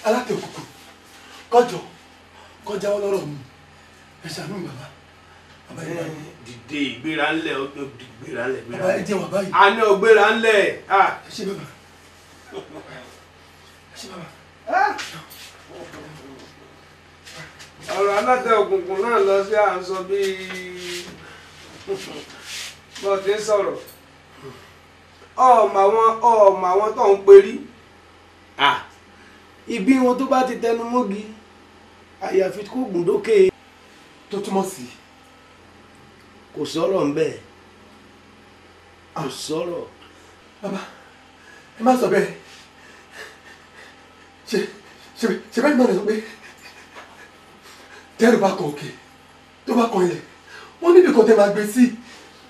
alápẹ̀ òkùnkùn kọjọ kọjá ọlọ́rọ̀ mi ẹ ṣàánú bàbá bàbá yẹn ní. dìde ìgbéra ńlẹ̀ ọgbẹ́ ìgbéra ńlẹ̀. bàbá ẹ jẹ́ wà báyìí. a ní ọgbẹ́ra ńlẹ̀. ẹ ṣe bàbá ọ̀rọ̀ aládé òkùnkùn náà lọ sí à ń sọ bíi bọ́ọ̀ tí ń sọ̀rọ̀ ọmọ àwọn ọmọ àwọn tó ń perí ibi wọn tó bá ti tẹnu mọ́gi àyàfi kó gùn dókè tó túmọ̀ sí kò sọ̀rọ̀ ń bẹ́ẹ̀ kò sọ̀rọ̀. bàbá ẹ má sọ bẹ́ẹ̀ ṣe ṣe ṣe bẹ́ẹ̀ náà lè sọ pé tẹ́rù bá kọ òkè tó bá kọ ilẹ̀ wọ́n níbi kan tẹ́ máa gbé sí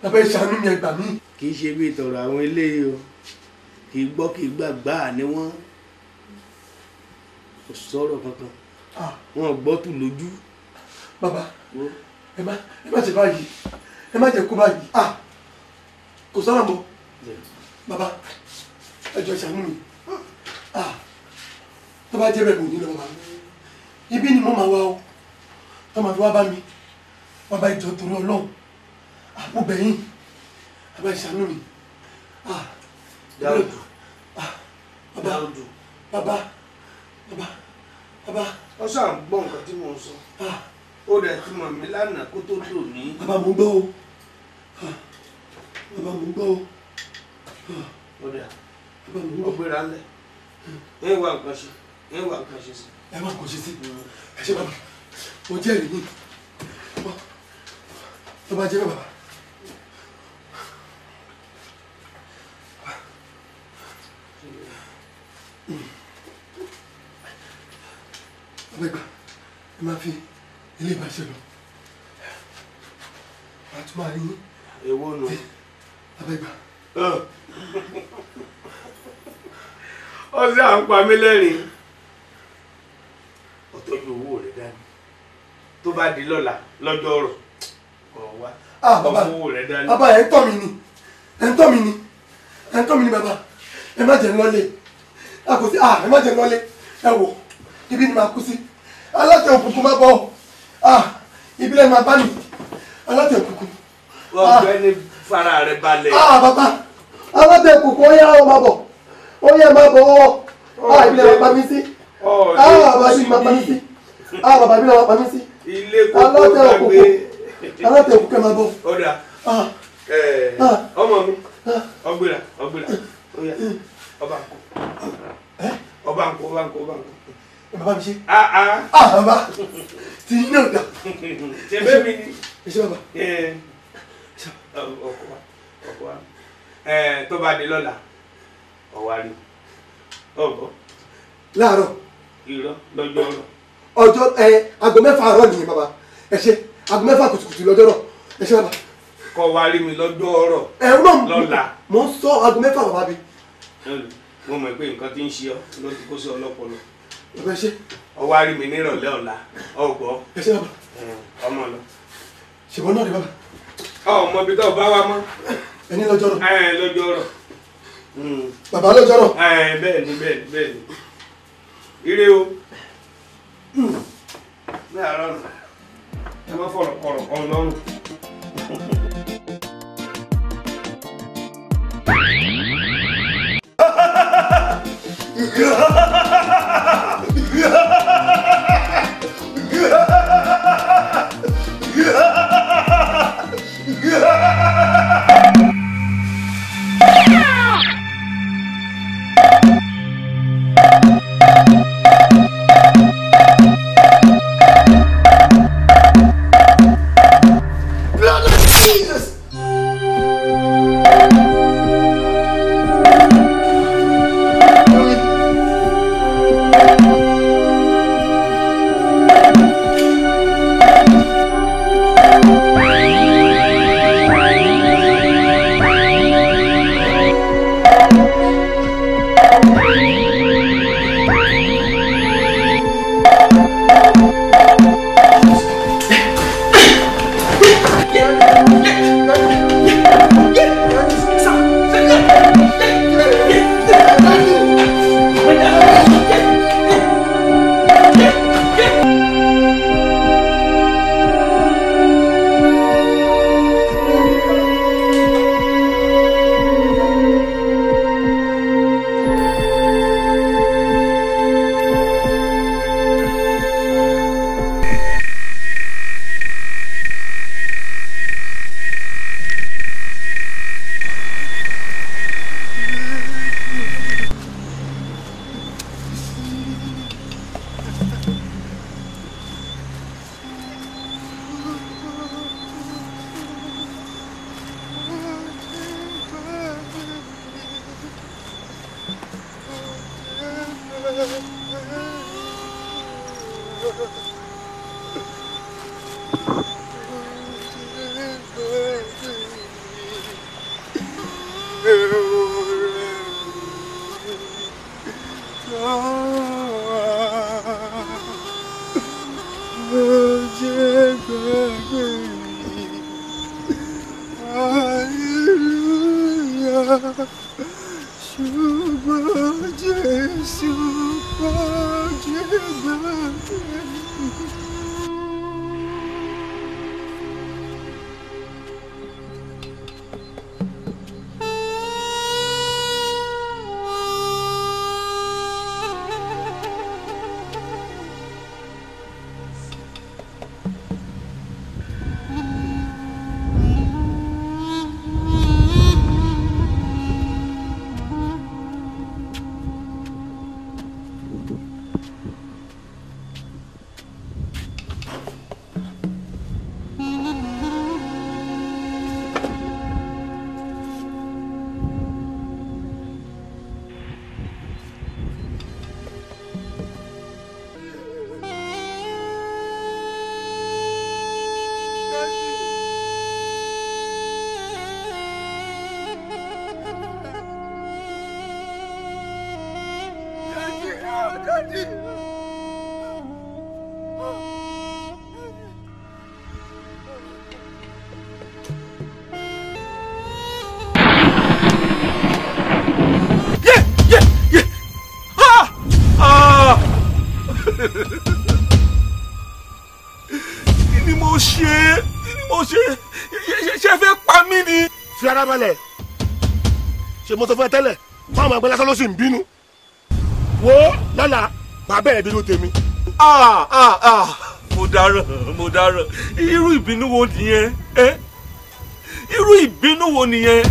bàbá ẹ̀ ṣàánú mi ẹgbà mí. kì í ṣe bí ìtọ̀rọ̀ àwọn eléyìí o kì í gbọ́ kì í gbàgbá ni wọ́n kò sọ̀rọ̀ kankan wọn gbọ́ tù lójú. bàbá ẹ má ẹ má ṣe báyìí ẹ má jẹ kú báyìí kò sọ̀rọ̀ mọ́ bàbá ẹjọ ṣàánú mi ah, tó bá jẹ́ bẹ́ẹ̀ mi ò ní lọ máa ibi ni mo máa wá o tó máa fi wá bá mi wá bá ìjọ torí ọlọ́run àbúbẹ̀yìn ah, àbá ìṣàánú mi. dáúdù ah, dáúdù bàbá bàbá bàbá. ó ṣáà ń gbọ́ nǹkan tí mo ń sọ ó rẹ̀ ti mọ̀ mí lánàá kó tó dùn ní. bàbá mo gbọ́ o bàbá mo gbọ́ o. ó ó gbéra ńlẹ̀ ẹ wà nǹkan ṣe ẹ wà nǹkan ṣe sí. ẹ má kàn ṣe sí ẹ ṣe bàbá mo jẹ́rìí yìí tó bá jẹ́ bàbá. ọgbẹgbà ẹ máa fi ilé ìbáṣẹ lọ màá tún máa rí yín. èwo nù. ọgbẹgbà ọsẹ à ń pa mí lẹ́rìn ọtọ́jú owó rẹ̀ dání tó bá di lọ́la lọ́jọ́ ọ̀rọ̀ kọ̀ wá ọmọ ah, owó rẹ̀ dání. bàbá ẹ̀ ń tọ́ mi ni ẹ̀ ń tọ́ mi ni ẹ̀ ń tọ́ mi ni bàbá ẹ má jẹ́ ń lọ́lé a kò sí à ah, ẹ má jẹ́ ń lọ́lé ẹ wò ibi ni màá kú sí aláṣẹ òkùnkùn má bọ̀ à ah, ibi lẹ́nu máa mi aláṣẹ òkùnkùn. ọgbẹ́ni fara rẹ̀ balẹ̀. bàbá aláṣẹ òkùnkùn ó yá ọ ó yẹ máa bọ̀ wọ́wọ́ á ìbílẹ̀ máa pamí sí á ah, bàbá mi máa pamí sí á ah, bàbá mi máa pamí sí alátẹ òkùnkùn alátẹ òkùnkùn máa bọ̀. ọ̀dà ah. eh, ọmọ mi ọgbẹ́ra ọgbẹ́ra eh. eh. ọba nkó ọba nkó ọba nkó ọba nkó bàbá mi ṣe. ah ah ah bàbá ti ní ọ̀dà. ṣẹbẹ́ mi ni. ẹ ṣe bàbá. ọkọ wa ọkọ wa tó bá di lọ́la ọ̀wárí ọ̀gbọ́. láàárọ̀. irọ́ lọ́jọ́ rọ̀. ọjọ́ ẹ aago mẹ́fà àárọ̀ nìyẹn bàbá ẹ ṣe aago mẹ́fà kùtùkùtù lọ́jọ́ rọ̀ ẹ ṣe bàbá. kọ wá rí mi lọ́jọ́ rọ̀ lọ́la. mo ń sọ aago mẹ́fà bàbá mi. mo mọ̀ pé nǹkan ti ń ṣe ọ ló ti kó sí ọlọ́pọlọ. bàbá ẹ ṣe. ọwárí mi nírọ̀lẹ́ ọ̀la ọ̀gbọ́. ẹ ṣe bàbá. ọmọ lọ. ṣèwọ náà rí bàbá. ọ mọ ibi tó bá wa mọ. ẹni lọ́jọ́ rọ̀. ẹ lọ́jọ́ rọ̀ bàbá lọ́jọ́ rọ̀. bẹ́ẹ̀ ni bẹ́ẹ̀ ni bẹ́ẹ̀ ni ire o bẹ́ẹ̀ àárọ̀ ẹ má fọ̀rọ̀ kọ̀rọ̀ ọ̀run lọ́rùn. fara balẹ̀ ṣe mo sọ fún ẹ tẹ́lẹ̀ fún àwọn àgbẹ̀ lásán ló sì ń bínú wo lọ́la màá bẹ̀rẹ̀ bínú tèmi. mo dáràn mo dáràn irú ìbínú wo nìyẹn irú ìbínú wo nìyẹn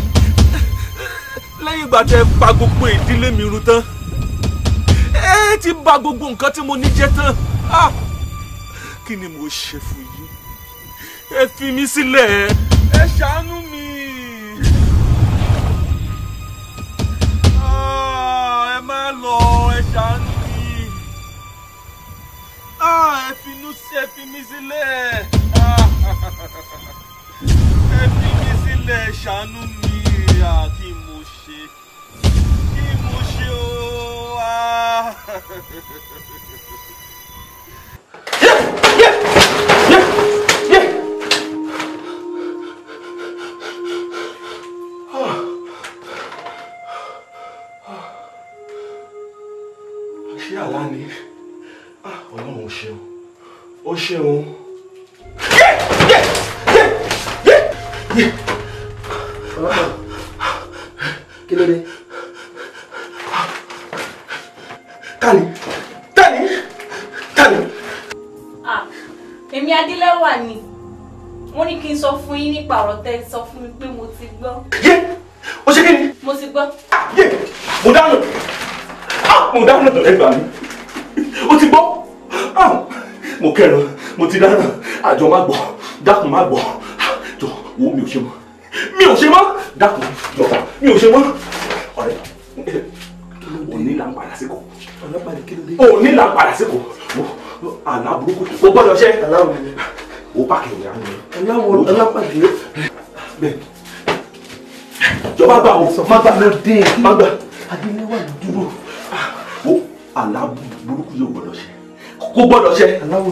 lẹ́yìn ìgbà tẹ pa gbogbo ìdílé mi rú tán ẹ ti bà gbogbo nǹkan tí mo ní jẹ́ tán kí ni mo ṣe fún yín ẹ fi mí sílẹ̀ ẹ ṣàánú mi. ẹ finú sí ẹ fi mí sílẹ̀ ẹ fi mí sílẹ̀ ṣàánú mi kí mo ṣe kí mo ṣe o. ṣeun. kí ló dé. tani tani tani. èmi adélẹ́wà ni wọ́n ní kí n sọ fún yín nípa ọ̀rọ̀ tẹ́ ẹ sọ fún mi pé mo ti gbọ́. yé o ṣe kí ni. mo ti gbọ́. yé mo dáhùn mo dáhùn lọ́dọ̀ ẹgbàá mi o ti gbọ́ mo kẹ́rọ mo ti dáná àjọ má gbọ́ dákun má gbọ́ jọ wo mi ò ṣe mọ́ mi ò ṣe mọ́ dákun jọ mi ò ṣe mọ́ ọ̀rẹ́ òní là ń padà sí kò òní là ń padà sí àlá burúkú o gbọ́dọ̀ ṣe o pàkì ìyá alápàdé bẹ́ẹ̀ jọba gbà o má gbà má gbà adéléwà dúró o àlá burúkú yóò gbọ́dọ̀ ṣe kò gbọ́dọ̀ ṣe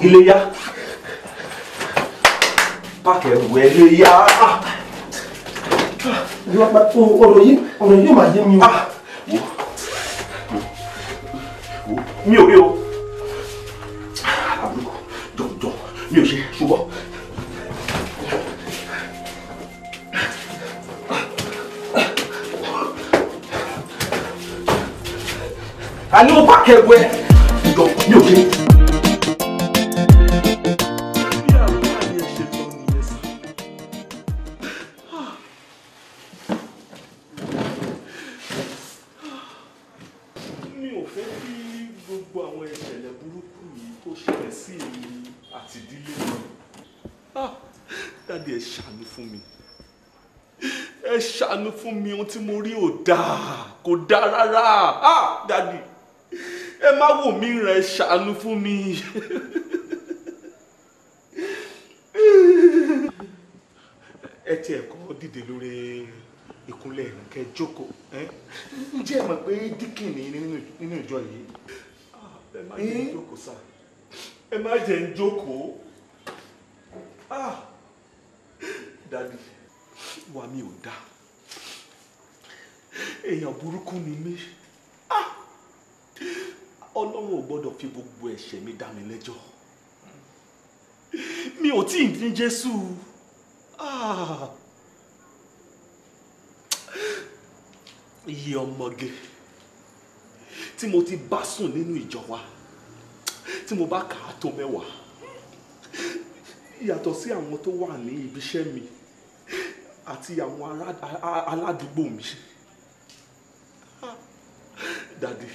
iléyá páàkì ẹ̀rù ẹ̀ léyá. ọ̀rọ̀ yìí ọ̀rọ̀ yìí máa yé mi o. Ah, mi ò rí o àbúrò jọ̀jọ̀ mi ò ṣe ṣùgbọ́n. a ní o páàkì ẹ̀rù ẹ̀ jọ̀ mi ò ṣe. kí gbogbo àwọn ìṣẹ̀lẹ̀ burúkú yìí tó ṣẹlẹ̀ sí èmi àti ìdílé mi ah, dáàdi ẹ ṣàánú fún mi ẹ ṣàánú fún mi ohun tí mo rí ò dáa kò dáa rárá ah, dáàdi ẹ má wò mí ràn ẹ ṣàánú fún mi. ẹ tiẹ̀ kọ́ dìde lórí ìkúnlẹ̀ ìrìnkẹ́ jókòó ǹjẹ́ ẹ mọ̀ pé díkìn ni nínú ìjọ yìí. ẹ má jẹ́ ń jókòó sá ẹ má jẹ́ ń jókòó dàbí ìwà mi ò dáa èèyàn burúkú ni mí ọlọ́run ò gbọ́dọ̀ fi gbogbo ẹ̀ṣẹ̀ mi dá mi lẹ́jọ́ mi ò tí ì ní Jésù. Ah. iye ọmọge tí mo ti bá sùn nínú ìjọ wa tí mo bá kà á tó mẹ́wàá yàtọ̀ sí àwọn tó wà ní ibiṣẹ́ mi àti àwọn aládùúgbò mi ah, dàdí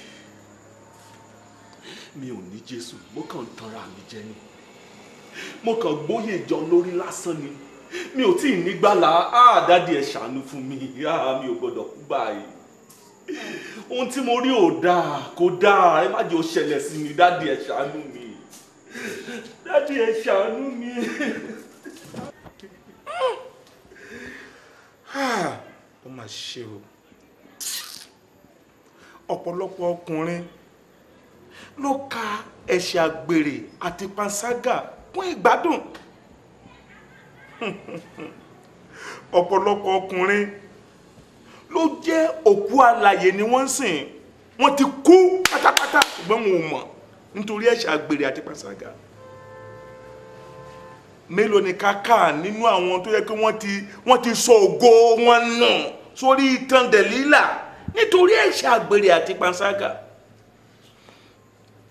mi ò ní jésù mo kàn ń tanra mi jẹ ni mo kàn gbóyè ìjọ lórí lásán ni mi ò tí ì nígbàlà áà ah, dádì ẹ ṣàánú fún mi áà ah, mi ò gbọdọ̀ kú báyìí ohun tí mo rí ò dáa kò dáa ẹ má jẹ́ ó ṣẹlẹ̀ sí mi dáàdi ẹ ṣàánú mi dáàdi ẹ ṣàánú mi. ó mà ṣe o ọ̀pọ̀lọpọ̀ ọkùnrin ló ka ẹ̀ṣẹ̀ àgbèrè àti panṣágà kún ìgbádùn ọ̀pọ̀lọpọ̀ ọkùnrin ló jẹ́ òkú alàyè ni wọ́n ń sìn wọ́n ti kú pátápátá ṣùgbọ́n wọn ò mọ̀ nítorí ẹ̀ṣẹ̀ àgbèrè àti pàṣágà mélòó ni káká nínú àwọn tó yẹ kí wọ́n ti wọ́n ti sọ ògo wọn nù sórí ìtàn dẹ̀lílà nítorí ẹ̀ṣẹ̀ àgbèrè àti pàṣágà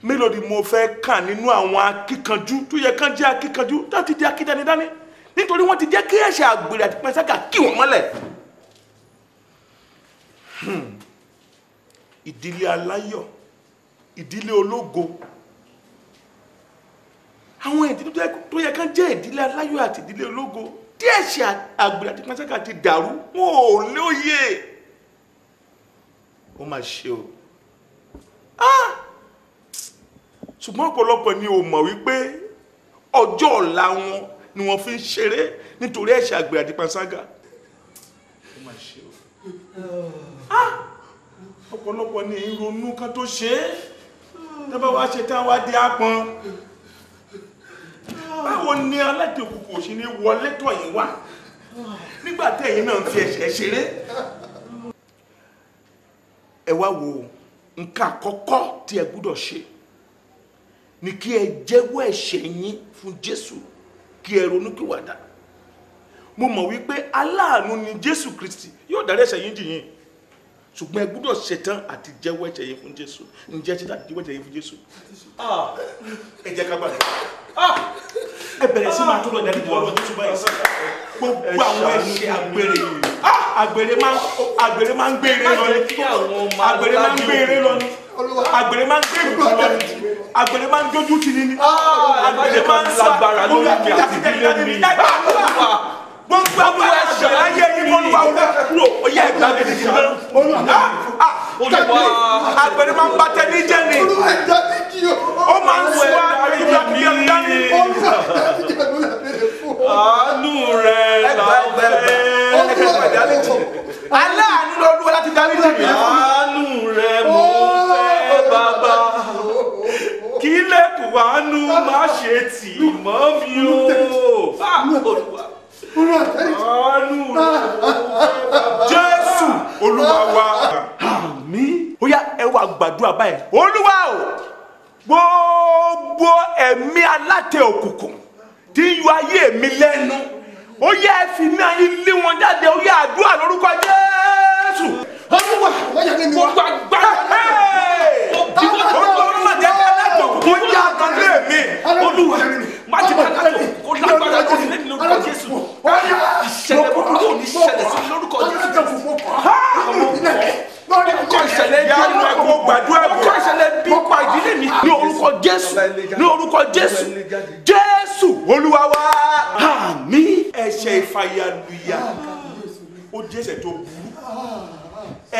mélòó ni mo fẹ́ kà nínú àwọn akíkanjú tó yẹ kán jẹ́ akíkanjú láti di akídánidání nítorí wọ́n ti jẹ́ kí ẹ̀ṣẹ̀ àgbèrè àti pàṣágà kí wọ́n mọ́lẹ̀. ìdílé aláyọ̀ ìdílé ológo àwọn ìdílé tó yẹ kán jẹ́ ìdílé aláyọ̀ àti ìdílé ológo tí ẹ̀ṣẹ̀ àgbèrè àti pàṣẹkà ti dàrú wọn ò lóye ó mà ṣe o ṣùgbọ́n ọ̀pọ̀lọpọ̀ ni ò mọ̀ wípé ọjọ́ ọ̀la wọn ni wọ́n fi ń ṣeré nítorí ẹ̀ṣẹ̀ àgbèrè àti pàṣẹkà ó mà ṣe o ọ̀pọ̀lọpọ̀ ni ìrònú kan tó ṣe é tẹ́bá wá ṣe tán wá dé ápọn báwo ni aládìkùkù ṣe ní wọlé tọ̀ yín wá nígbà tí ẹ̀yin náà fi ẹ̀ṣẹ̀ ṣeré ẹ wá wo nǹkan àkọ́kọ́ tí ẹ gbúdọ̀ ṣe ni kí ẹ jẹ́wọ́ ẹ̀ṣẹ̀ yín fún Jésù kí ẹ ronúkìwàdà mo mọ̀ wípé aláàánú ni Jésù Kristi yóò dárí ẹ̀ṣẹ̀ yín jì ṣùgbọ́n ẹ gbúdọ̀ ṣetán àti jẹ́wọ́ ẹ̀ṣẹ̀ yìí fún jésù ǹjẹ́ ṣetán àti jẹ́wọ́ ẹ̀ṣẹ̀ yìí fún jésù. Ah, ẹ jẹ́ ká gbàgbọ́ ah, ẹ bẹ̀rẹ̀ sí máa tó lọ ìdájú ọ̀rọ̀ jésù báyìí sí gbogbo àwọn ẹ̀ṣẹ̀ àgbèrè àgbèrè máa ń gbèrè lọ ni àgbèrè máa ń gbèrè lọ ni ah, àgbèrè máa ń gbé lọ ni àgbèrè máa ń dójú tì ni àgbèrè máa ń sá àgbèrè máa ń sá gbogbo àwọn ẹ̀ṣẹ̀ láyé yìí mọ́ nípa owó kúrò ó yá ìgbà mi nìyí náà. àgbẹ̀rẹ̀ máa ń bá tẹ níjẹ́ ni ó máa ń sọ àgbẹ̀rẹ̀ ìgbàgbé dání. àánú rẹ̀ láfẹ́ aláàánú lọ́dún láti dárí jìbì. àánú rẹ mo fẹ́ bàbá kí lẹ́kùn àánú má ṣe tì mọ́ mi o ọ̀nù jésù olúwa wa. àmín ó yá ẹ wá gbàdúrà báyìí olúwa o gbogbo ẹ̀mí aláàtẹ òkùnkùn tí ń yọ ayé mi lẹ́nu ó yá ẹ fi mí ayé lé wọn jáde ó yá àdúrà lórúkọ jésù. olúwa gbogbo agbára ìwọ olúwa jẹ́ ká lájọ kó yá àkàndé mi olúwa má ní orúkọ jésù jésù jésù olúwa wa ìfàyàlùyà ó jẹ́sẹ̀ tó burú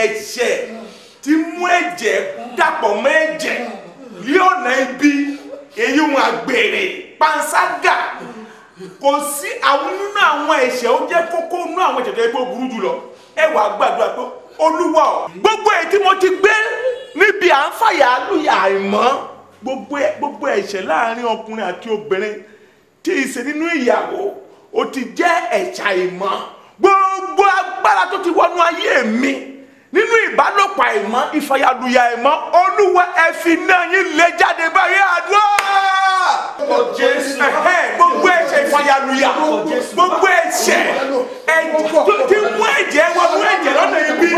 ẹ̀ṣẹ̀ tí mú ẹ̀jẹ̀ dàpọ̀ mọ́ ẹ̀jẹ̀ lé ọ̀nà ibi èyí wọn àgbèrè panṣágà kò sí àwọn nínú àwọn ẹ̀ṣẹ̀ ó jẹ́ kókó nínú àwọn ẹ̀ṣẹ̀ tó yẹ pé ó burú jùlọ ẹ wàá gbàdúrà pé olúwa o gbogbo èyí tí mo ti gbé níbi à ń fàyà lùyà àìmọ́ gbogbo ẹ̀ṣẹ̀ láàrin ọkùnrin àti obìnrin tí ìṣe nínú ìyàwó ó ti jẹ́ ẹ̀ṣẹ̀ àìmọ́ gbogbo agbára tó ti wọnú ayé mi nínú ìbálòpọ̀ àìmọ́ ìfàyàlùyà àìmọ́ olúwa ẹ fi náà yín lè jáde báyìí àdúrà. gbogbo ẹ̀ṣẹ̀ ìfàyàlùyà gbogbo ẹ̀ṣẹ̀ tí mú ẹ̀jẹ̀ wọnú ẹ̀jẹ̀ lọ́nà ibi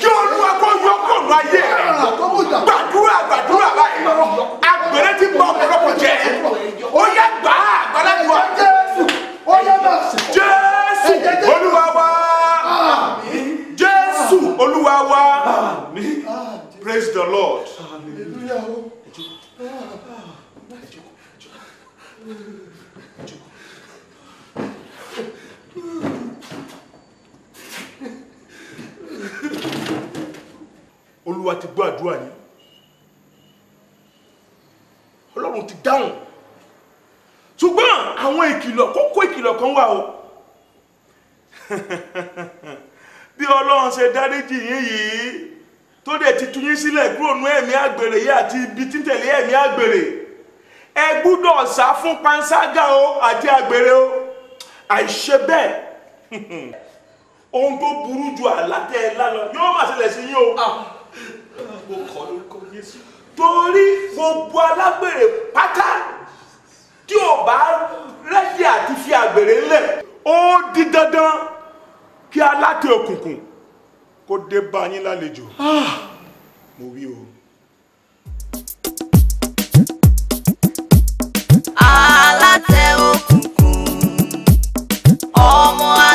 kí olúwa kó yọ kọ̀ọ̀nù ayé rẹ̀ gbàdúrà gbàdúrà báyìí agbèrè ti bọ ọ̀pọ̀lọpọ̀ jẹ́ ó yẹ gbàá gbàdúrà jésù olúwa wá olúwa wa praise the lord. olúwa ti gbọ́ àdúrà yìí ọlọ́run ti dáhùn ṣùgbọ́n àwọn ìkìlọ̀ kókó ìkìlọ̀ kan wà o. bí ọlọ́run ṣe dáríjì yín yìí tó dẹ̀ ti tú yín sílẹ̀ kúrò nú ẹ̀mí àgbèrè yìí àti ibi títẹ̀lé ẹ̀mí àgbèrè ẹ gbúdọ̀ sá fún panṣágà o àti àgbèrè o àìṣe bẹ́ẹ̀ ohun tó burú ju àlátẹ̀ ẹ̀ lálọ yóò má ṣẹlẹ̀ sí yín o. Ah. mo kọ́ lórúkọ Jésù. torí gbogbo alágbèrè pátá tí ò bá rẹ́dí àti fi àgbèrè ńlẹ̀ ó di dandan kí aláte òkùnkùn kó dé bá yín lálejò ah. mo wí o. aláte òkùnkùn ọmọ